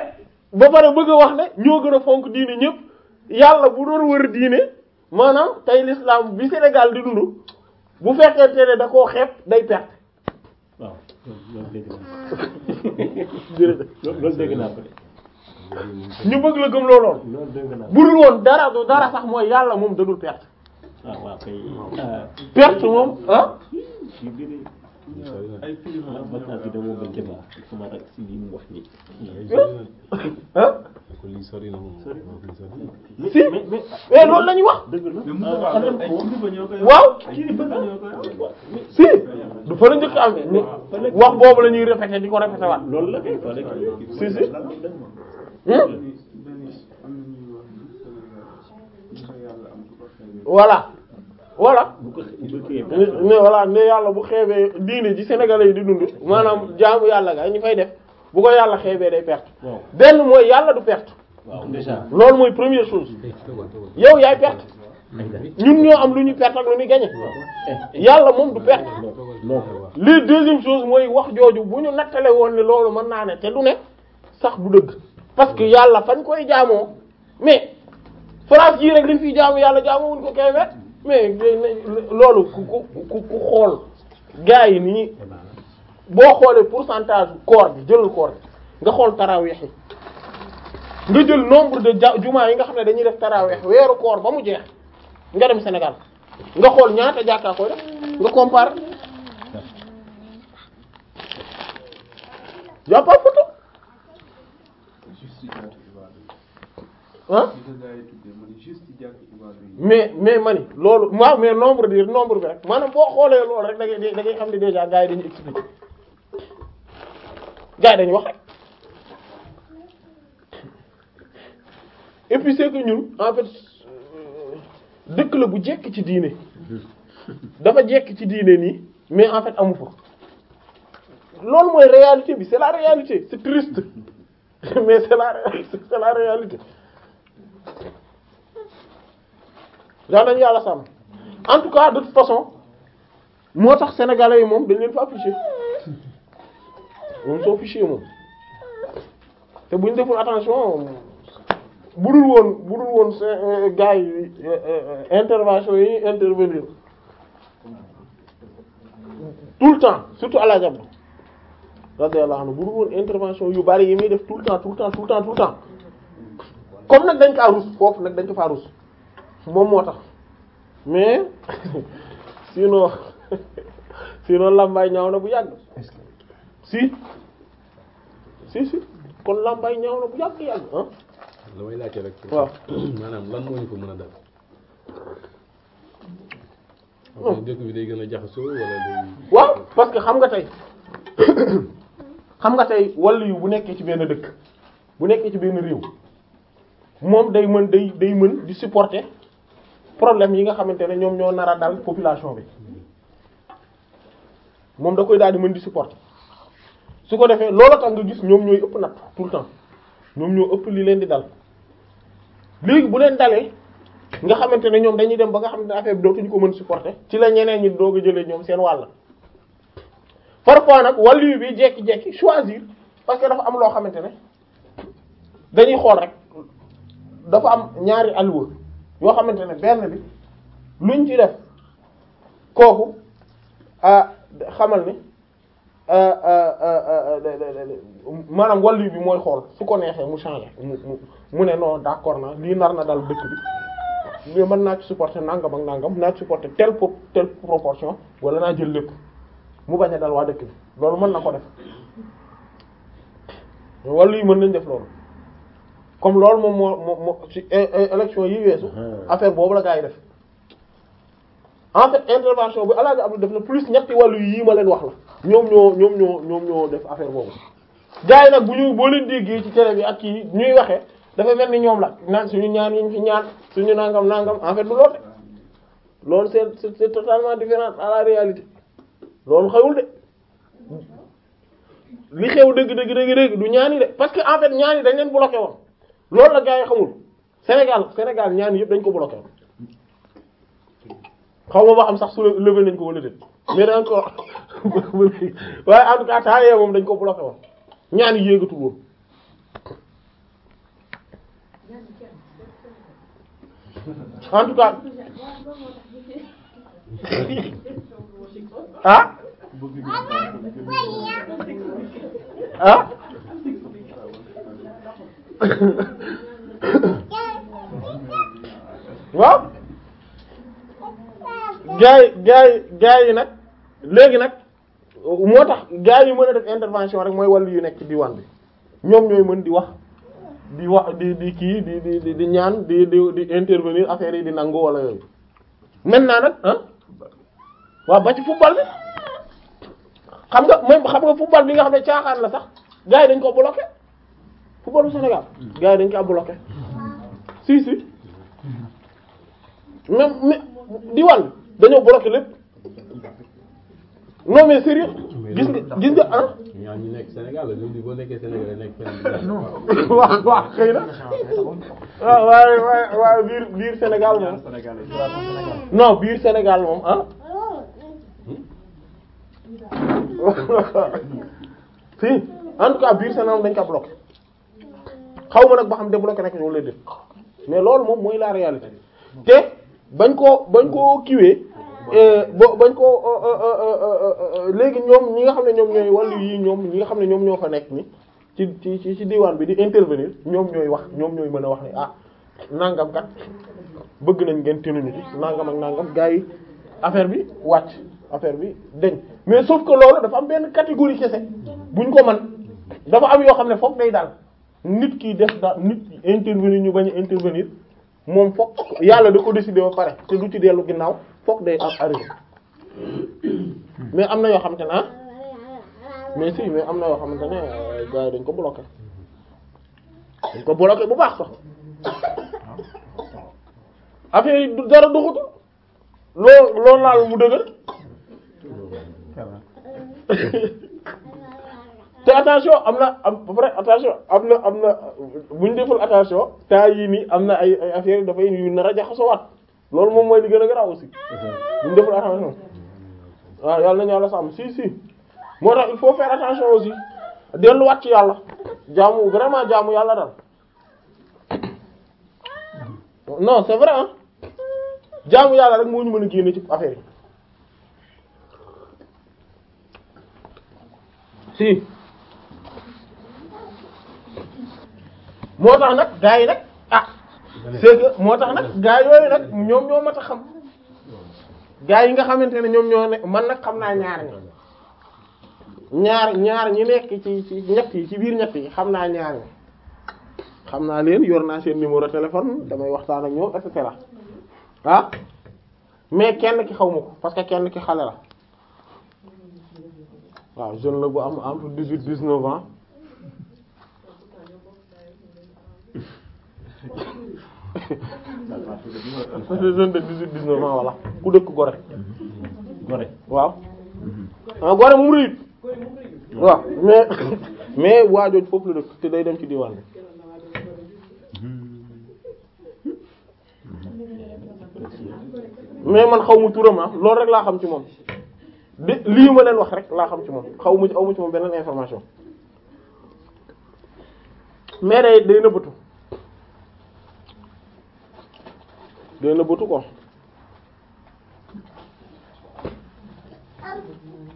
ba pare bëgg wax ne ñoo gën a fonk diine ñëpp yàlla bu doon wër diine maanaam tey l'islam bi Sénégal di dund bu fekkente ne da koo xeeb day perte waaw loolu dégg naa ko hmm. ñu bëgg la gëm looloon bu dul woon dara du dara sax mooy yàlla moom da dul perte ah, perte moom ah man naa fi demoo ba Ndiéba ak sama wax nii. ah. si du fa la njëkk am wax boobu la ñuy répété di ko répété waat. loolu la si si. voilà. voilà ne voilà ne yàlla bu xeebee diine ci sénégalais di dund maanaam hmm. jaamu yàlla ga ñu fay def bu ko yàlla xeebee day perte benn mooy yàlla du perte loolu mooy première chose yow yaay perte ñun ñoo am lu ñuy perte ak lu ñu gagné eh, eh. yàlla moom du perte lii deuxième chose mooy wax jooju bu ñu nattale woon ni loolu mën naa ne te du ne sax bu dëgg parce que yàlla fañ koy jaamoo mais France jii rek liñ fiy jaamu yàlla jaamoo wuñ ko Kébémer mais loolu ku ku ku xool gaa yi nii boo xoolee pourcentage koor bi jëlul koor nga xool taraweex yi nga jël nombre de jumaa yi nga xam ne dañuy def taraweex weeru koor ba mu jeex nga dem Sénégal nga xool ñaata jàkkaa koy nga comparer y'a pas photo mais mais mani loolu waaw mais nombre bi nombre bi rek maanaam boo xoolee loolu rek da ngay da ngay xam ne déjà gars yi dañuy expliquer gars wax rek ñun en fait dëkk la bu jekk ci diine dafa jekk ci diine nii mais en fait amu fa loolu mooy réalité bi c'est la réalité c'est triste mais c'est la c'est réalité daa nañ yàlla sàmm en tout cas de toute façon moo tax sénégalais yi moom dañ leen fa affiché moom soo fiché moom te buñ deful attention budul woon budul woon euh, gars yi euh, euh, intervention yi ñuy intervenir tout le temps surtout à la jàpp radiyallahu anhu budul woon intervention yu bari yi muy def tout le temps tout le temps tout le temps tout le temps comme nag dañ kaa rus foofu nag dañ ko faa rus moom moo tax mais sinon sinon làmbaay ñaaw na bu yàgg si si si kon làmbaay ñaaw na bu yàgg yàgg ah. damay laajte rek. waaw maanaam lan moo ñu mën a def. Hmm. non bi day gën a jaxasoo wala xam nga tey xam nga tey wàllu yu bu nekkee ci benn dëkk bu nekkee ci benn réew moom day mën day day mën di supporter. problème yi nga xamante ne ñoom ñoo nara a dal population bi moom da koy daal di mën di supporter su ko defee loola tax nga gis ñoom ñooy ëpp natt tout le temps ñoom ñoo ëpp li leen di dal léegi bu leen dalee nga xamante ne ñoom dañuy dem ba nga xam ne affaire bi ñu ko mën supporter ci la ñeneen ñi doog a jëlee ñoom seen wàll. parfois nag wàllu bi jekki-jekki choisir parce que dafa am loo xamante ne dañuy xool rek dafa am ñaari alluwa yoo xamante ne benn bi luñ ci def kooku ah xamal ni ah, ah, ah, maanaam wàllu bi mooy xool su ko neexee mu changer mu ne non d'accord na lii nar na dal dëkk bi mais mën naa ci supporter nangam ak nàngam naa ci supporter telle po telle proportion wala naa jël lépp mu bañ a dal waa dëkk bi loolu mën na ko def wàllu yi mën nañ def loolu. comme loolu moom moo moo moo ci élection yi weesu affaire boobu la gaa yi def en fait intervention bu alaaji Abdou def na plus ñetti wàllu yii ma leen wax la ñoom ñoo ñoom ñoo ñoo def affaire boobu gaa yi nag bu ñu boo leen déggee ci télé bi ak kii ñuy waxee dafa mel ni ñoom la naan suñu ñaan yi ñu fi ñaan ñu nangam nangam en fait du loolu de loolu c'est c'est totalement différent à la réalité loolu xewul de li xew dëgg dëgg dëgg dëgg du ñaani de parce que en fait ñaani dañ woon loolu la gars yi xamul Sénégal Sénégal ñaan yëpp dañ ko bloqué xaw ma ba xam sax su levé nañ ko wala déet mais da ko waaye en tout cas moom dañ ko bloqué woon ñaani yéegatu woon en tout ah. waaw gars yi gaa yi gars yi nag léegi nag moo tax gaa yi mën a def intervention rek mooy wàllu yu nekk ci diwaan bi ñoom ñooy mën di wax di wax di di kii di di di ñaan di di di intervenir affaire yi di nangu walla yooyu maintenant nag ah waaw ba ci football bi xam nga même xam nga football bi nga xam ne caaxaan la sax gars yi dañ ko bloqué footballu Sénégal mm. gars yi dañ ko bloqué mm. si si même mais diwaan dañoo bloqué non mais sérieux gis gis nga ah. ñoo ñu nekk Sénégal la ñun boo nekkee Sénégal nekk Sénégal. waaw ah, biir biir Sénégal moom. non biir Sénégal moom ah. Hmm? si en tout cas biir Sénégal dañ ko bloqué. xaw ma nag ba xam débloqué la wala déet mais loolu moom mooy la réalité te bañ koo bañ koo kiwee euh, ba bañ koo euh, euh, léegi ñoom ñi nga xam ne ñoom ñooy wàllu yi ñoom ñi nga xam ne ñoom ñoo fa nekk ni ci ci ci diwaan bi di intervenir ñoom ñooy wax ñoom ñooy mën a wax ne ah nangam kat bëgg nañ ngeen tenuñu ci nangam ak nangam gars yi affaire bi wàcc affaire bi dañ mais sauf ko loolu dafa am benn catégorie kese buñ ko man dafa am yoo xam ne foog day daal nit ki def da nit intervenir ñu bañ a intervenir moom fokk yàlla da ko décider ba pare te du ci dellu ginnaaw fokk day am arrivé mais am na yoo xamante ne ah, mais mais am na yoo xamante ne gars yi dañ ko bloqué dañ ko bloqué bu baax sax affaire yi dara doxutu loo te attention am na am na am na deful attention temps yii nii am na ay ay affaires dafay yu nar a jaxasowaat loolu moom mooy li gën a garaaw aussi buñ deful attention waaw yàlla nañu yàlla sàmm si si moo tax il faut faire attention aussi delluwaat ci yàlla jaamu vraiment jaamu yàlla daal non c'est vrai jaamu yàlla rek moo ñu mën a génne ci affaire yi si. moo tax nag gaa yi nag ah c'est que moo tax nag gaa yooyu nag ñoom ñoo mat a xam gaa yi nga xamante ne ñoom ñoo man nag xam naa ñaar ñi ñaar ñi nekk ci ci ñett yi ci biir ñett yi xam naa ñaar ñi xam naa leen yor naa seen numéro téléphone damay waxtaan ak ñoom et cetera ah, mais kenn ki xaw ma ko parce que kenn ki xale la waaw jeune la bu am entre dix-huit dix-neuf ans zone de dix-huit dix-neuf ku dëkk Gorée Gorée waaw mhm. ah Gorée mu Mouride waaw mais mais waajooj foofu la dëkk te day dem ci diwaan bi mais man xaw ma turam ah loolu rek laa xam ci moom di lii ma leen wax rek laa xam ci moom xaw ma ci aw ma ci moom beneen information mais day day nëbbatu day nëbbatu ko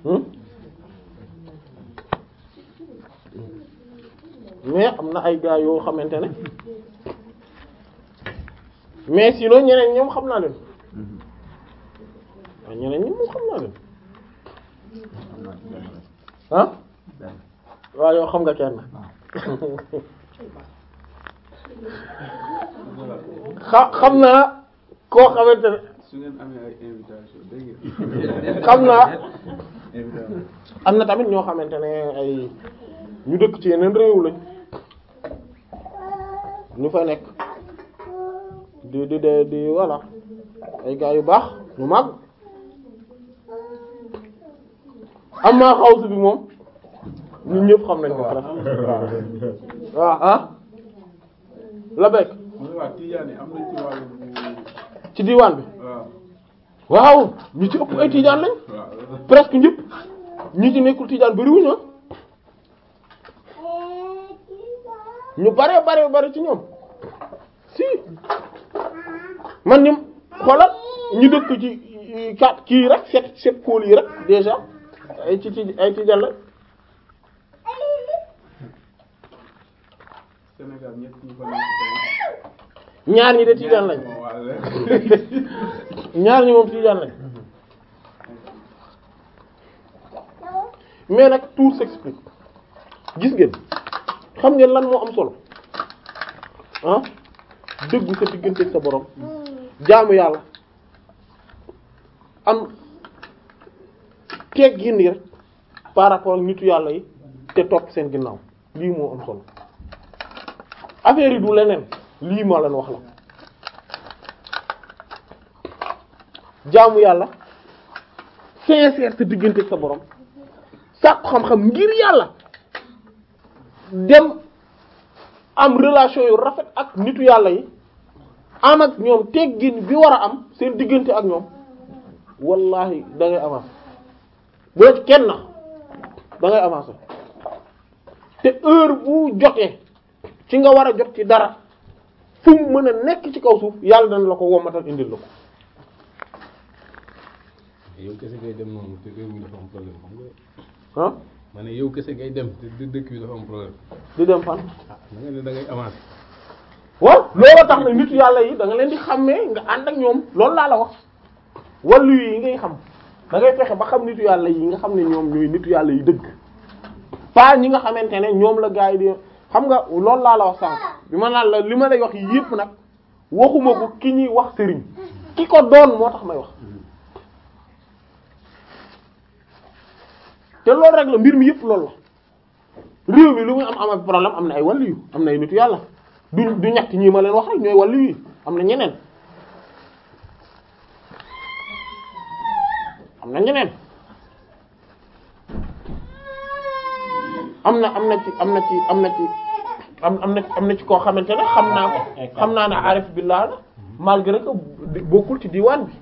hmm? mais am na ay gaa yoo xamante ne mais sinon ñeneen ñoom xam naa leen waaw ñeneen ñi xam naa leen ah waaw yow xam nga kenn ah. xa- xam naa koo xamante ne. xam naa am na tamit ñoo xamante ne ay ñu dëkk ci yeneen réew lañ ñu fa nekk di di di di voilà ay gars yu baax ñu mag am naa xawsu bi moom ñun ñëpp xam nañ ko presque waaw ah, ah. la bekk. ci diwaan bi waaw ñu ci ëpp ay tijaan lañ presque ñëpp ñi ci nekkul tijaan bariwuñ ah ñu bare bare bare ci ñoom si man ni xoolal ñu dëkk ci kat kii rek set set kool yi rek déjà ay ci ci ay tijaan lañ ñaar ñi de tijaan lañ ñaar ñi moom tijaan lañ mais nag tout s'explique gis ngeen xam ngeen lan moo am solo ah dëggu sa diggante sa borom jaamu yàlla am teeg gin rek par rapport ak nitu yàlla yi te topp seen ginnaaw lii moo am solo affaire du leneen lii ma leen wax la jaamu yàlla sincère sa diggante sa boroom sàkku xam-xam ngir yàlla dem am relation yu rafet ak nitu yàlla yi am ak ñoom teggin bi war a am seen diggante ak ñoom wallahi da ngay avancer bu la kenn na da ngay avancer te heure bu jotee ci nga war a jot ci dara fu mu mën a nekk ci kaw suuf yàlla dana la ko womatal indil la ko yow kese ngay dem noonu te réew mi ma ne yow kese ngay dem te dëkk bi dafa am problème. di dem fan. Ah, loolu yàlla yi da nga leen di xàmmee nga ànd ak ñoom loolu laa la wax wàllu yi ngay xam dangay ngay fexe ba xam nitu yàlla yi nga xam ne ñoom ñooy nit yàlla yi dëgg pas ñi nga xamante ne ñoom la gars yi di xam nga loolu laa la wax sànq bi ma naan la li ma lay wax yépp nag waxuma ko ki ñuy wax sëriñ ki ko doon moo tax may wax. Mm-hmm. te loolu rek la mbir mi yëpp lool la réew mi lu muy am am problème am na ay waliyu am na ay nitu yàlla du du ñàkk ñii ma leen wax rek walli waliyu yi am na ñeneen am na ñeneen am na am na ci am na ci am na ci am am na am na ci koo xamante ne xam naa ko xam naa ne arif billah la malgré que bokkul ci diwaan bi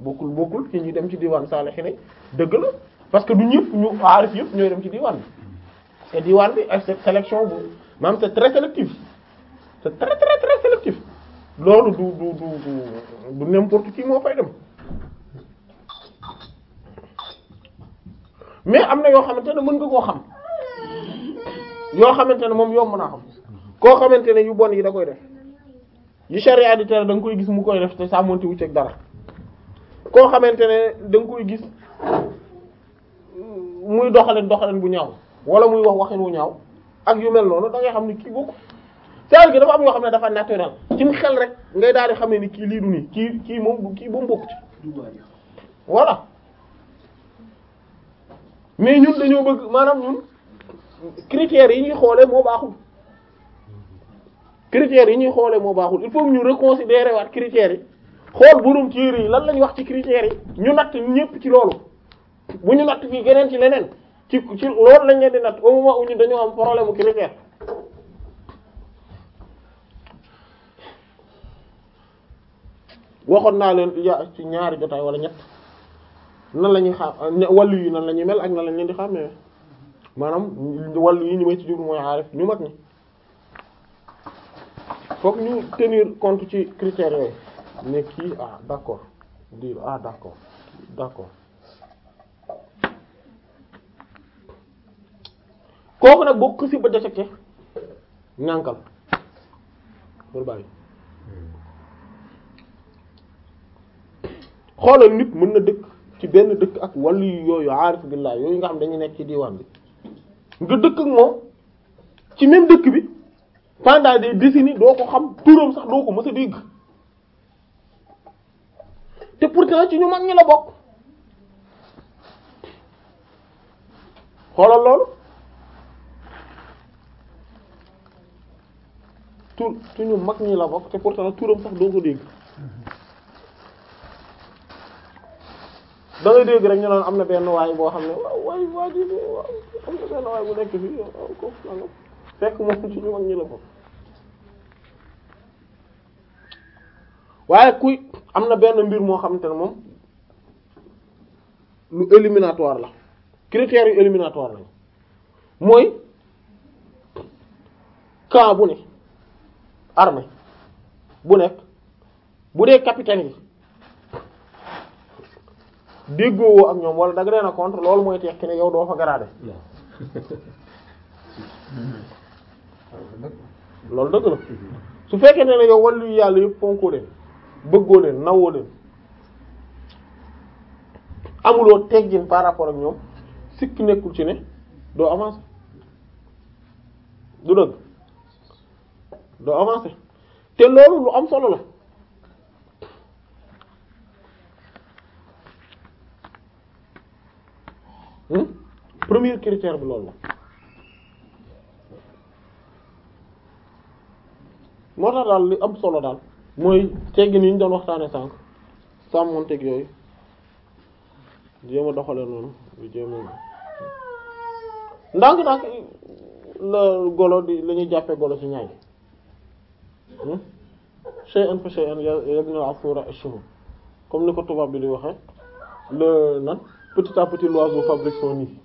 bokkul bokkul ci ñi dem ci diwaan saalixiin dëgg la parce que du ñëpp ñu aarif yëpp ñooy dem ci diwaan bi te diwaan bi ak cette sélection bu maanaam c'est très sélectif c'est très très très sélectif loolu du du du du n'importe qui moo fay dem mais am na yoo xamante ne mën nga koo xam yoo xamante ne moom yomb naa xam koo xamante ne yu bon yi da koy def yu sharia di tere da koy gis mu koy def te sàmmonte wu ci ak dara koo xamante ne da nga koy gis muy doxalen doxalen bu ñaaw wala muy wax waxin wu ñaaw ak yu mel noonu da xam ne kii bokk call gi dafa am yoo xam ne dafa naturel ci xel rek ngay daal di xam ni kii lii du nii kii kii moom kii ba mu bokk ci voilà mais ñun dañoo bëgg maanaam ñun critères yi ñuy xoolee moo baaxul critères yi ñuy xoolee moo baaxul il faut ñu reconsidérer waat critères yi xool borom téere yi lan lañ wax ci critères yi ñu natt ñëpp ci loolu bu ñu natt ñi geneen ci leneen ci ci lañ leen di dañoo am problème mu critère waxoon naa leen ya ci ñaari jotaay wala ñett nan lañuy ñuy xaar wàllu yi nan lañuy mel ak nan lañ leen di xàmmee maanaam wàllu yi ñu may ci jublu mooy aarif ñu mag ñi fokk ñu tenir compte ci critères yooyu ne kii ah d'accord di ah kooku nag boo xësi ba détecté ñànkal bul bàyyi xoolal nit mën na dëkk ci benn dëkk ak wàllu yooyu aarif billah yooyu nga xam dañu nekk ci diwaan bi nga dëkk ak moom ci même dëkk bi pendant des décennies doo ko xam turam sax doo ko mës a dégg te pourtant ci ñu mag ñi la bokk xoolal loolu tur ci ñu mag ñi la bokk te pourtant turam sax doo ko dégg da ngay dégg rek ñu naan am na benn waay boo xam ne waaw waay waa ji waaw am benn waay bu nekk fii waaw ko fekk moom ci ñu mag ñi la bokk waaye kuy am na benn mbir moo xamante ne moom lu éliminatoire la critères yu éliminatoire lañ mooy camp bu ne armée bu nekk bu dee capitaine yi déggoowoo ak ñoom wala dag reen a contre loolu mooy tekki ne yow doo fa garaade loolu dëgg la su fekkee ne yow wàllu yàlla yëpp fonkoo de bëggoo leen nawoo leen amuloo teggin par rapport ak ñoom sikk nekkul ci ne doo avancer du dëgg doo avancer te loolu lu am solo la hmm? premier critère bi loolu la moo tax daal li am solo daal mooy teggin yi ñu doon waxtaane sànq sàmmonteeg yooyu jéem a doxale noonu lu jéem a la golo bi lañuy jàppee golo ci ñaay hmm? shay'an fa shay'an yabnil asfura ash-shuhub comme ni ko tubaab bi di waxee le nan petit à petit l'oiseau fabrique son nid hmm?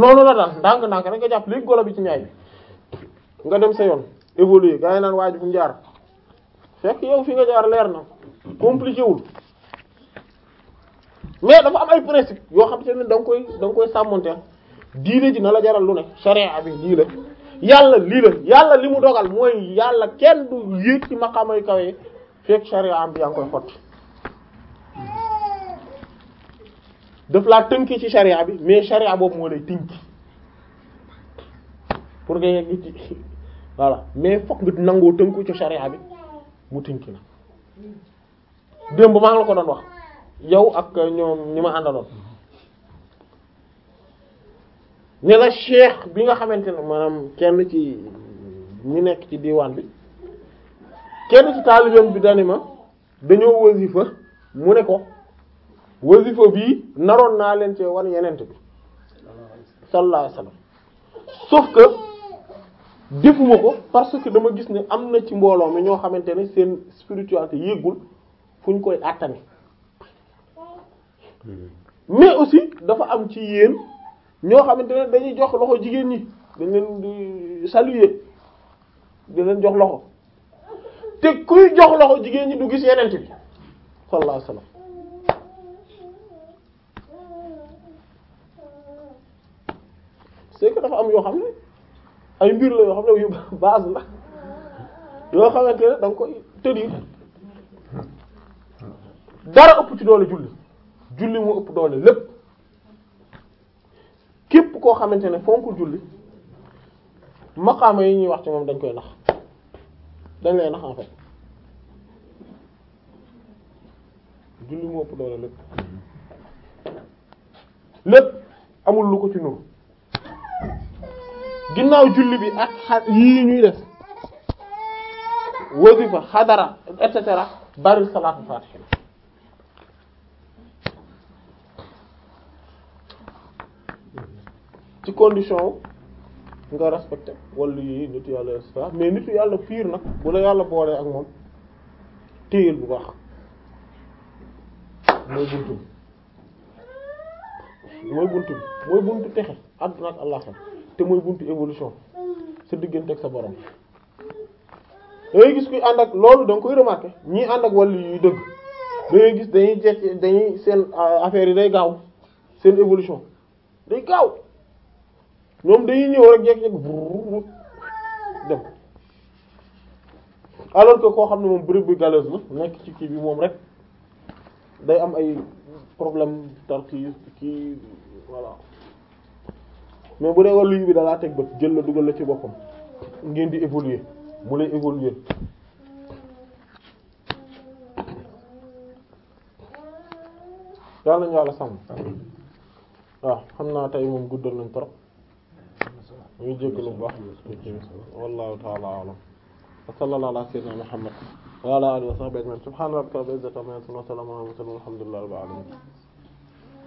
noonu la daal ndànk ndànk rek nga jàpp léegi golo bi ci ñaay bi nga dem sa yoon évoluer gaa yi naan waaj fu mu jaar fekk yow fi nga jaar leer na compliqué wul mais dafa am ay principe yoo xam te ne da koy da koy sàmmonteel diine ji na la jaral lu ne sharia bi lii la yàlla lii la yàlla li mu dogal mooy yàlla kenn du yéeg ci maqaamay kawe fekk sharia am bi yaa ngi koy xott daf laa tënki ci sharia bi mais sharia boobu moo lay tënki pour nga yegg ci voilà mais fokk nga nangoo tënku ci charia bi mu tënki na démb maa ngi la ko doon wax yow ak ñoom ñi ma àndaloon ne la bi nga xamante ne maanaam kenn ci ñu nekk ci diwaan bi kenn ci taalibeem bi dani ma dañoo wasifa mu ne ko wasifa bii naroon naa leen ci wan yenent bi sallallahu alayhi wasallam que defuma ko parce que dama gis ne am na ci mbooloo mi ñoo xamante ne seen spiritualité yéegul fu ñu koy àttani mais aussi dafa am ci yéen ñoo xamante ne dañuy jox loxo jigéen ñi dañ leen di saluer di leen jox loxo te kuy jox loxo jigéen ñi du gis yeneen bi sallallahu alayhi wasallam dafa am yoo xam ne ay mbir la yoo xam ne yu base la yoo xamante ne da nga koy tenir dara ëpp ci doole julli julli moo ëpp doole lépp képp koo xamante ne fonk julli maqaama yi ñuy wax ci moom dañ koy nax dañ lay nax en fait julli moo ëpp doole lépp lépp amul lu ko ci nuru ginnaaw julli bi ak xa yii ñuy def wasifa xadara et cetera bari salaatu faatihi ci condition nga respecté wala yi nitu yàlla sa mais nitu yàlla fiir nag bu la yàlla boolee ak moom téyel bu baax mooy buntu mooy buntu mooy buntu texe àdduna ak àllaxira te mooy buntu évolution mm. sa diggante ak sa borom da gis kuy ànd ak loolu da nga koy remarquer ñii ànd ak wàllu yuy dëgg da gis dañuy jekk dañuy seen affaire yi day gaaw seen évolution day gaaw ñoom dañuy ñëw rek jekk-jekk brrr dem alors que koo xam ne moom bërëb bi galeuse la nekk ci kii bi moom rek day am ay problème tarki kii voilà mais bu dee wàllu bi dalaa teg bët jël la dugal la ci boppam ngeen di évoluer mu lay évoluer yàlla ñu yàlla sàmm waaw xam naa tey moom guddal nañ trop ñu jégalu bu baax wallahu ta'ala a'lam wa sallallahu ala sayyidina muhammad wa ala alihi wa sahbihi ajma'in subhana rabbika rabbil izzati amma yasifun wa salamun